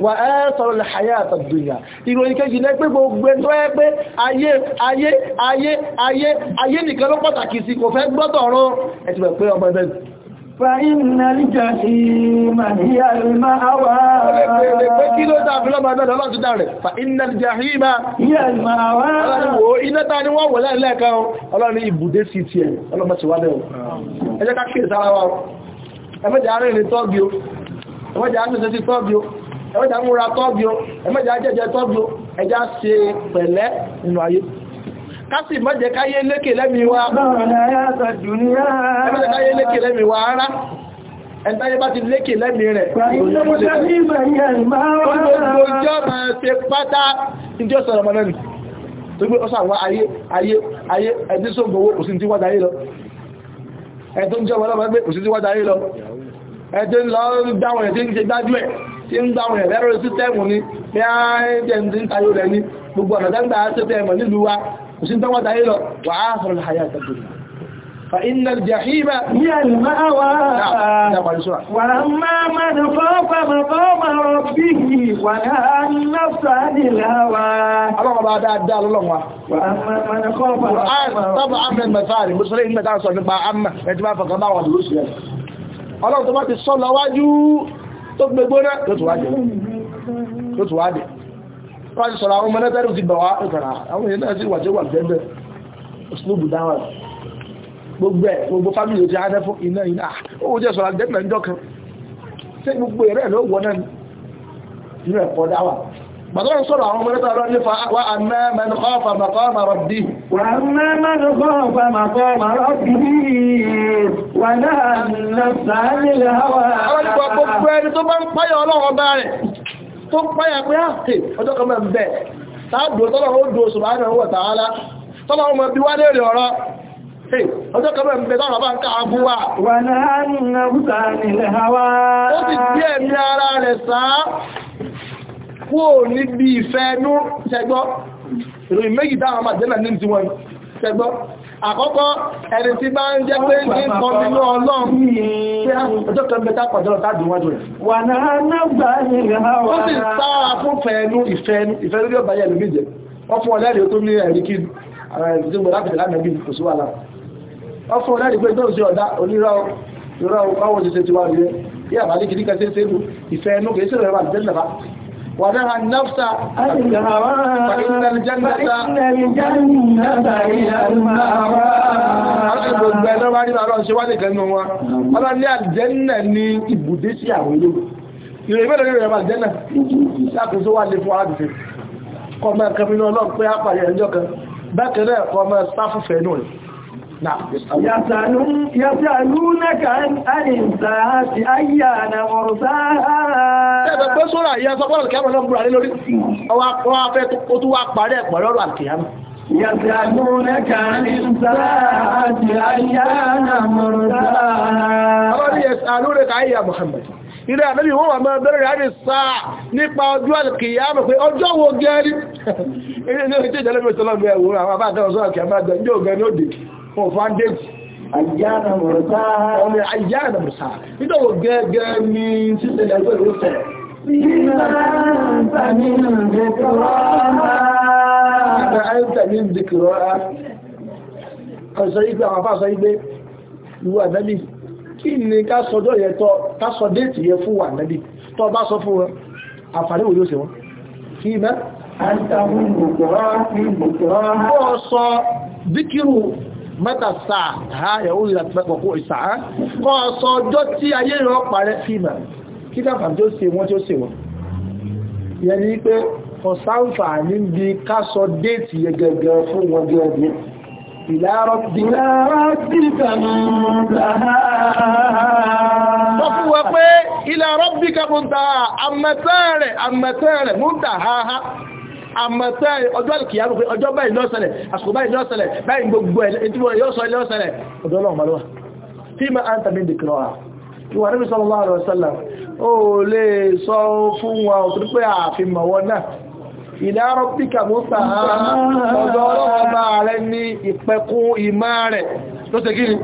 wà á sọ̀rọ̀ lè hayá àtàdùnyà ìròyìn kejì lẹ́gbẹ́ gbogbo ẹ̀tọ́ ẹ pé ayé ayé ayé ayé ayé nìkan ló pàtàkì sí kò fẹ́ gbọ́tọ̀ ọ̀rọ̀ ẹ̀tì pẹ̀ pé ọmọ ẹgbẹ́ فإن الجحيم هي المأوى فإن الجحيم هي المأوى iná ta ni wọ́n wọ̀ lẹ́ẹ̀lẹ́ẹ̀kan ọlọ́run ní ibùdé sí ti ẹ̀ ọlọ́mọ ti wá lẹ́wọ̀ ẹjẹ́ ká kí ìsára wa ẹmẹ́jẹ̀ arìnrìn tọ́bí o ẹmẹ́jẹ̀ arìnrìn tọ́bí o ẹ̀mẹ́jà múra tọ́bi o ẹ̀mẹ́jà jẹ́jẹ tọ́bi o ẹjá ṣe pẹ̀lẹ́ nínú ayé kásì mọ́jẹ káyé lékè lẹ́mi wa káyé lékè wa ẹ̀ntáyé bá ti lékè lẹ́mi rẹ̀ ẹ̀tọ́ jẹ́ ọmọ ọlọ́mọ lọ ẹ̀tọ́ ń lọ dáwọn ń ẹ̀ tí ń dáhùn ẹ̀rẹ́ rẹ̀ sí tẹ́ẹ̀mù ni bí á jẹ́ ní tayó rẹ̀ ní gbogbo ọ̀nà dáńgbà sí tẹ́ẹ̀mù nílùú wa kò sí tán wọ́n tayé lọ wà á sọ̀rọ̀ ní àyà ìtàkùn فإن الجحيم هي المأوى وأما من خاف مقام ربه ونهى النفس عن الهوى الله بعد أدال الله وأما من خاف مقام طبعا من المثال مسلمين مدارس من بعض أما يتبع فقضاء ودلوس الله تبارك الصلاة واجو tó gbé gbóná tó tù wájẹ̀ tó tù wájẹ̀ wọ́n ti sọ̀rọ̀ àwọn ọmọ nẹ́tẹ́rù ti bẹ̀wà ìkàrà àwọn èèyàn náà sí wà tí wà gẹ́gẹ́ snoop dáwà gbogbo ẹ̀ gbogbo fámìlì ti hánẹ́ fún iná iná ah, ó jẹ́ sọ̀rọ̀ àgbẹ̀mẹ̀ ń jọ kan sí gbogbo ẹ̀rẹ́ ló بدون صلى الله عليه وسلم وأما من خاف مقام ربه وأما من خاف مقام ربه ونهى النفس عن الهوى أولي بقبوا أن تبان قيا الله باري tó páyà pé áàkì ah, ọjọ́ kan mẹ́rin bẹ́ẹ̀ táàbù tọ́lọ̀wọ́ òjò subhanahu wa ta'ala tọ́lọ̀wọ́ mọ̀ bí wá léèrè ọ̀rọ̀ ọjọ́ kan mẹ́rin bẹ́ẹ̀ tọ́lọ̀wọ́ bá ń ká àbúwà wà náà nínú kúrò níbi ìfẹ́ ẹnú ṣẹgbọ́ ìròyìn méjì dáwọn máa jẹ́nà ní tiwọn ṣẹgbọ́ àkọ́kọ́ ẹni tí bá ń jẹ́ pé ní kọmínú ọlọ́run tí a ọjọ́ kan bẹ́ta pàdánù tàbí wájú rẹ̀ wà náà náà gbà ní ìhàwà ó sì sára fún fẹ́ẹ̀nú ìfẹ́ẹ̀nú ìfẹ́ẹ̀nú yóò báyẹ̀ lómi jẹ wọ́n fún ọlẹ́rìí tó ní ẹ̀rí kí ara ẹ̀rí tí mo láti tẹ̀lá mẹ́bí kò sí wàhálà wọ́n fún ọlẹ́rìí pé tó ń ṣe ọ̀dá onírọ̀ ìrọ̀ ọwọ́ ṣe ti wá rí ẹ̀ yà bá ní kìdíkà ṣe ń ṣe ìfẹ́ẹ̀nú kìí sí rẹ̀ wà ní tẹ́lẹ̀ ونهى النفس عن الهوى فإن الجنة فإن الجنة هي المأوى Ọlọ́gbọ̀gbẹ̀ lọ́wọ́ ní àwọn ṣíwádìí gẹnu wọn. Ọlọ́run ní àjẹ́nà ní ibùdé sí àwọn ilé. Ìrẹ̀ mẹ́rin rẹ̀ bá jẹ́nà ṣàkóso wà lè fún àdìsẹ̀. Kọmọ ẹ̀kẹ́ mi ní ọlọ́pẹ́ àpàyẹ̀ ẹjọ́ kan. Bẹ́ẹ̀kẹ́ náà kọmọ Yàtàlúnẹ́kà àìsàáti ayyàna mọ̀rùsáà. Ẹgbẹ̀ pé sọ́rọ̀ àyíyá sọ́pọ̀ alkìyàmọ̀ náà gbúra lé lórí ọwá afẹ́ tó tó wá parí ẹ̀pọ̀ lọ́rọ̀ alkìyàmọ̀. Yàtàlúnẹ́kà àìsàáti ayyàna mọ̀rùsáà ilé àbẹ́bí wọ́n wà máa bẹ̀rẹ̀ rẹ̀ sáà nípa ọjọ́ alkiyama pé ọjọ́ wo gẹ́rí ilé ìjẹ́jẹ́ lẹ́bẹ̀ẹ́ tọ́lọ́gbẹ̀ẹ́ wòrán àwọn àbájọ́ ọjọ́ alkiyama jẹ́ ògẹ́ ní òdìdì fọ́fádẹ́tì àyíyára mọ̀rọ̀tá nítọ̀wọ̀ gẹ́gẹ́ ní sílẹ̀ ẹgbẹ́ ìlú sẹ̀rẹ̀ kí ni ká sọjọ́ yẹ tọ́ ká sọ déètì yẹ fún wa nẹ́bí tọ́ bá sọ fún wọn àǹfààní wo yóò ṣe díkìrù mẹ́ta sáà ha yẹ̀wò ìlà ti mẹ́pọ̀ kó ìsáà kọ́ ọ̀sán ọjọ́ tí ayé rán parẹ́ fìmà kí dáfà tí ó ṣe wọ́n tí ó ṣe wọ́n yẹn ni pé ọ̀sánfà ní bí kásọ déètì yẹ gẹ̀gẹ̀ fún wọn gẹ̀ẹ́gẹ̀ ìlàrọ̀ tí wọ́n fún ha àmọ̀tẹ́ ọjọ́ ìkìyàmù pé ọjọ́ báyìí ló ṣẹlẹ̀ báyìí ló báyìí gbogbo ẹ̀lẹ́tìwọ̀n yóò sọ ilé ọ̀sẹ̀lẹ̀ ọ̀dọ́ ọlọ́run balọ́wà tí ma rẹ̀ ní ìpẹ̀kún ìmá rẹ̀ ló ṣe gírí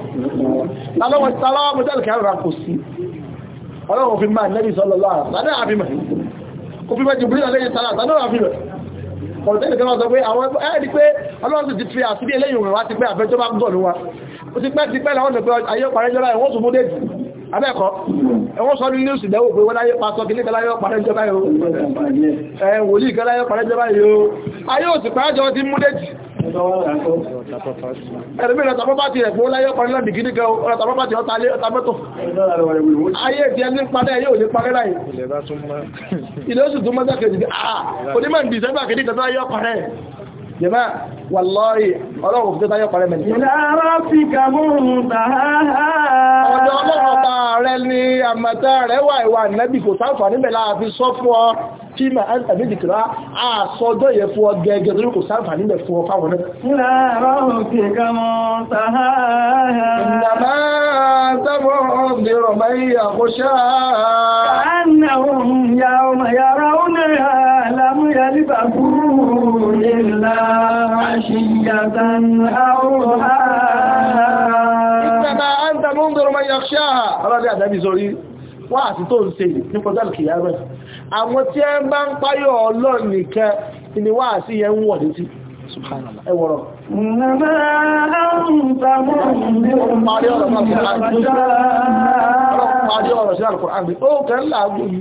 alọ́wọ́ ìtàlọ́wọ́ mọ́tẹ́lì kẹrìnrà kò sí ọlọ́run fi máa nẹ́bí sallallahu alaihi wasallam kọ̀ọ̀tẹ́lì kan sọ pé àwọn ẹ́ẹ̀dì pé ọlọ́run ti fi àti bí eléyìn òun wá ti pẹ́ àfẹ́jọ́ bá gọ̀ọ̀lú wa ó ti pẹ́ ti pẹ́ láwọn ọ̀pẹ́ ayé parẹ́ ẹ̀wọ́n tó múdé jù abẹ́ẹ̀kọ́ ẹ̀wọ́n sọ nílé òsì pé wọ́n láyé pasọ ẹ̀rẹ́mìnà tàbọ́bá ti ẹ̀fún láyé ọkọ̀ nílẹ̀ bìgídí gan ọ̀rọ̀ tàbọ́bá ti ọta lé ọta mẹ́tò ayé ti ẹni parẹ́ yóò ní parẹ́ láyé ilẹ̀ ah, oṣù tó mọ́sá kejì bí àà onímọ̀ ní ìṣẹ́gbà kejì tàbí ayé ọkọ̀ rẹ̀ jẹba wàlọ́ọ̀ì ọlọ́run tí ma á tàbí ìdìkìrá àsọjọ́ yẹ fún ọ gẹ́gẹ́ torí kò sáǹfà nílẹ̀ fún ọ fáwọn náà. láàárọ̀ òkè gamọ́ sàhá. ìdàmà sábọ̀ ọ̀bẹ̀rọ̀ báyìí àkóṣá. àánà òun ya ọmọ yàrá ó náà wá àti tó ń ṣe ní pọ̀jọ́lù kìyàmẹ́ àwọn tí ẹ bá ń páyọ̀ ọlọ́run nìkan ni wá àti yẹn ń wọ̀ létí subhanallah ẹwọ̀rọ̀ Parí ọ̀rọ̀ sí al Ó kẹ́ ńlá agbóyí.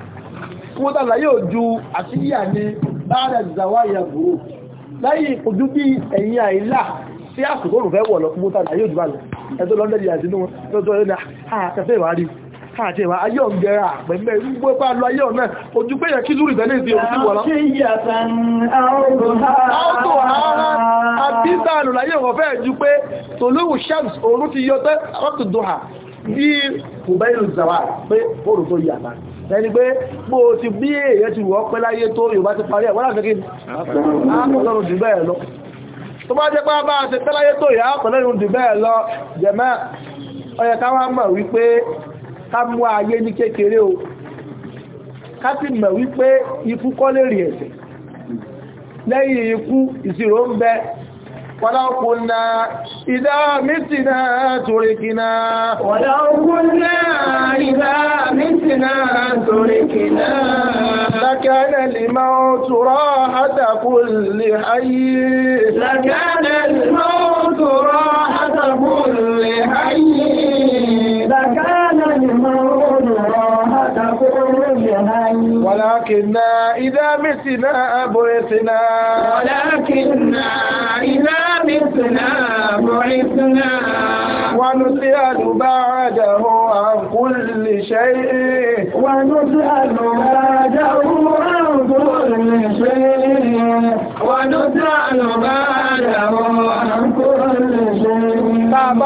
wọ́n tàbí yóò ju àṣíyà ní bára ìzàwáyà burú láyé ìpòjú bí ẹ̀yìn àìlà sí àsìkò olùfẹ́ wọ̀ lọ fún mọ́ta àyè òjúbà lọ ẹ̀tọ́ lọ́ndẹ̀dì àti inú lọ́tọ́ ẹ̀nà bí kò bẹ́ẹ̀ lù zàwà pé ó rò tó yàtà ẹni pé bó o ti bí èèyàn ti wọ́ pẹ́ láyé tó yorùbá ti parí ẹ̀wọ́n láti kí ọlọ́run jù bẹ́ẹ̀ lọ tó bá jẹ́ pé bá a ṣe pẹ́ láyé tó ìyá ọlọ́run jù bẹ́ẹ̀ lọ jẹ̀mẹ́ ó yẹ ká mọ̀ wípé ká mú ayé ní kékeré o ká sì mọ̀ wípé ikú kọ́ lè rí ẹ̀ṣẹ̀ lẹ́yìn ikú ìṣirò ń bẹ ولو كنا إذا متنا تركنا ولو كنا إذا متنا تركنا لكان الموت راحة كل حي لكان الموت راحة كل حي لكان الموت راحة كل حي ولكننا إذا متنا بعثنا ولكننا إذا إنا بعثنا ونسأل بعده عن كل شيء ونسأل بعده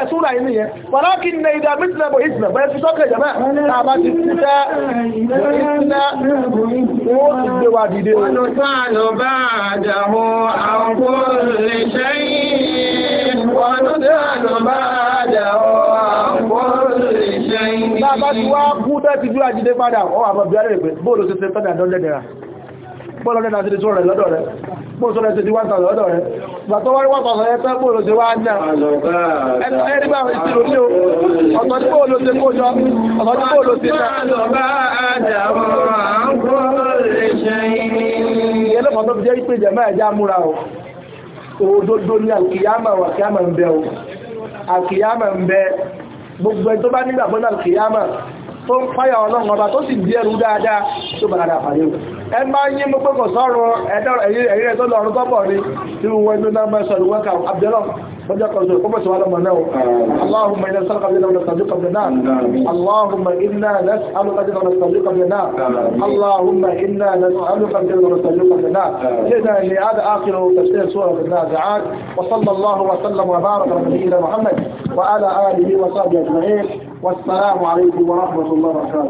ìpínlẹ̀ súnra ilé yẹn wọ́lá kí ní ìdá mítílẹ̀ bò ìsìnlẹ̀ bẹ́ẹ̀ fi sọ́kẹ̀ jẹ́mẹ́ àbá ti tẹ́ ìsìnlẹ̀ wọ́n ti gbé wa dìde Bàbá ti wá kú tẹ́ ti dúrà jíde padà, ọ àbàbí arẹ́ ìgbẹ̀, bóòlù ti tẹ́ tọ́jà dọ́jẹ́ dẹ̀ra bóòsọ́rọ̀ ẹ̀sẹ̀ di 1000 ọ̀dọ̀ rẹ̀ gbàtọ́ wárí 1000 ẹ̀ẹ́tẹ́ bóòlò ṣe wá náà ẹ̀ẹ́rí bá ìṣirò ní ọ̀tọ̀ tí bóòlò ṣe kó jọ ọ̀tọ̀ tí bóòlò ṣe náà tó ń fáyà ọlọ́run ọba tó sì di ẹrù dáadáa tó bàrádà fàyẹ̀wò ẹ máa yí mú pé kò sọ́rọ̀ ẹ̀yìn rẹ̀ tó lọ ọ̀rọ̀ tọ́bọ̀ ni tí wọ́n inú náà mẹ́sọ̀ ìwọ́ ka abdullam lọ́jọ́ kan sọ kọ́bọ̀ sọ́wọ́n lọ́mọ náà اللهم إنا نسألك بنا ونسترزقك بنا اللهم إنا نسألك بنا ونسترزقك بنا اللهم إنا نسألك بنا ونسترزقك بنا إذا هذا آخر تفسير سورة النازعات وصلى الله وسلم وبارك على نبينا محمد وعلى آله وصحبه أجمعين والسلام عليكم ورحمة الله وبركاته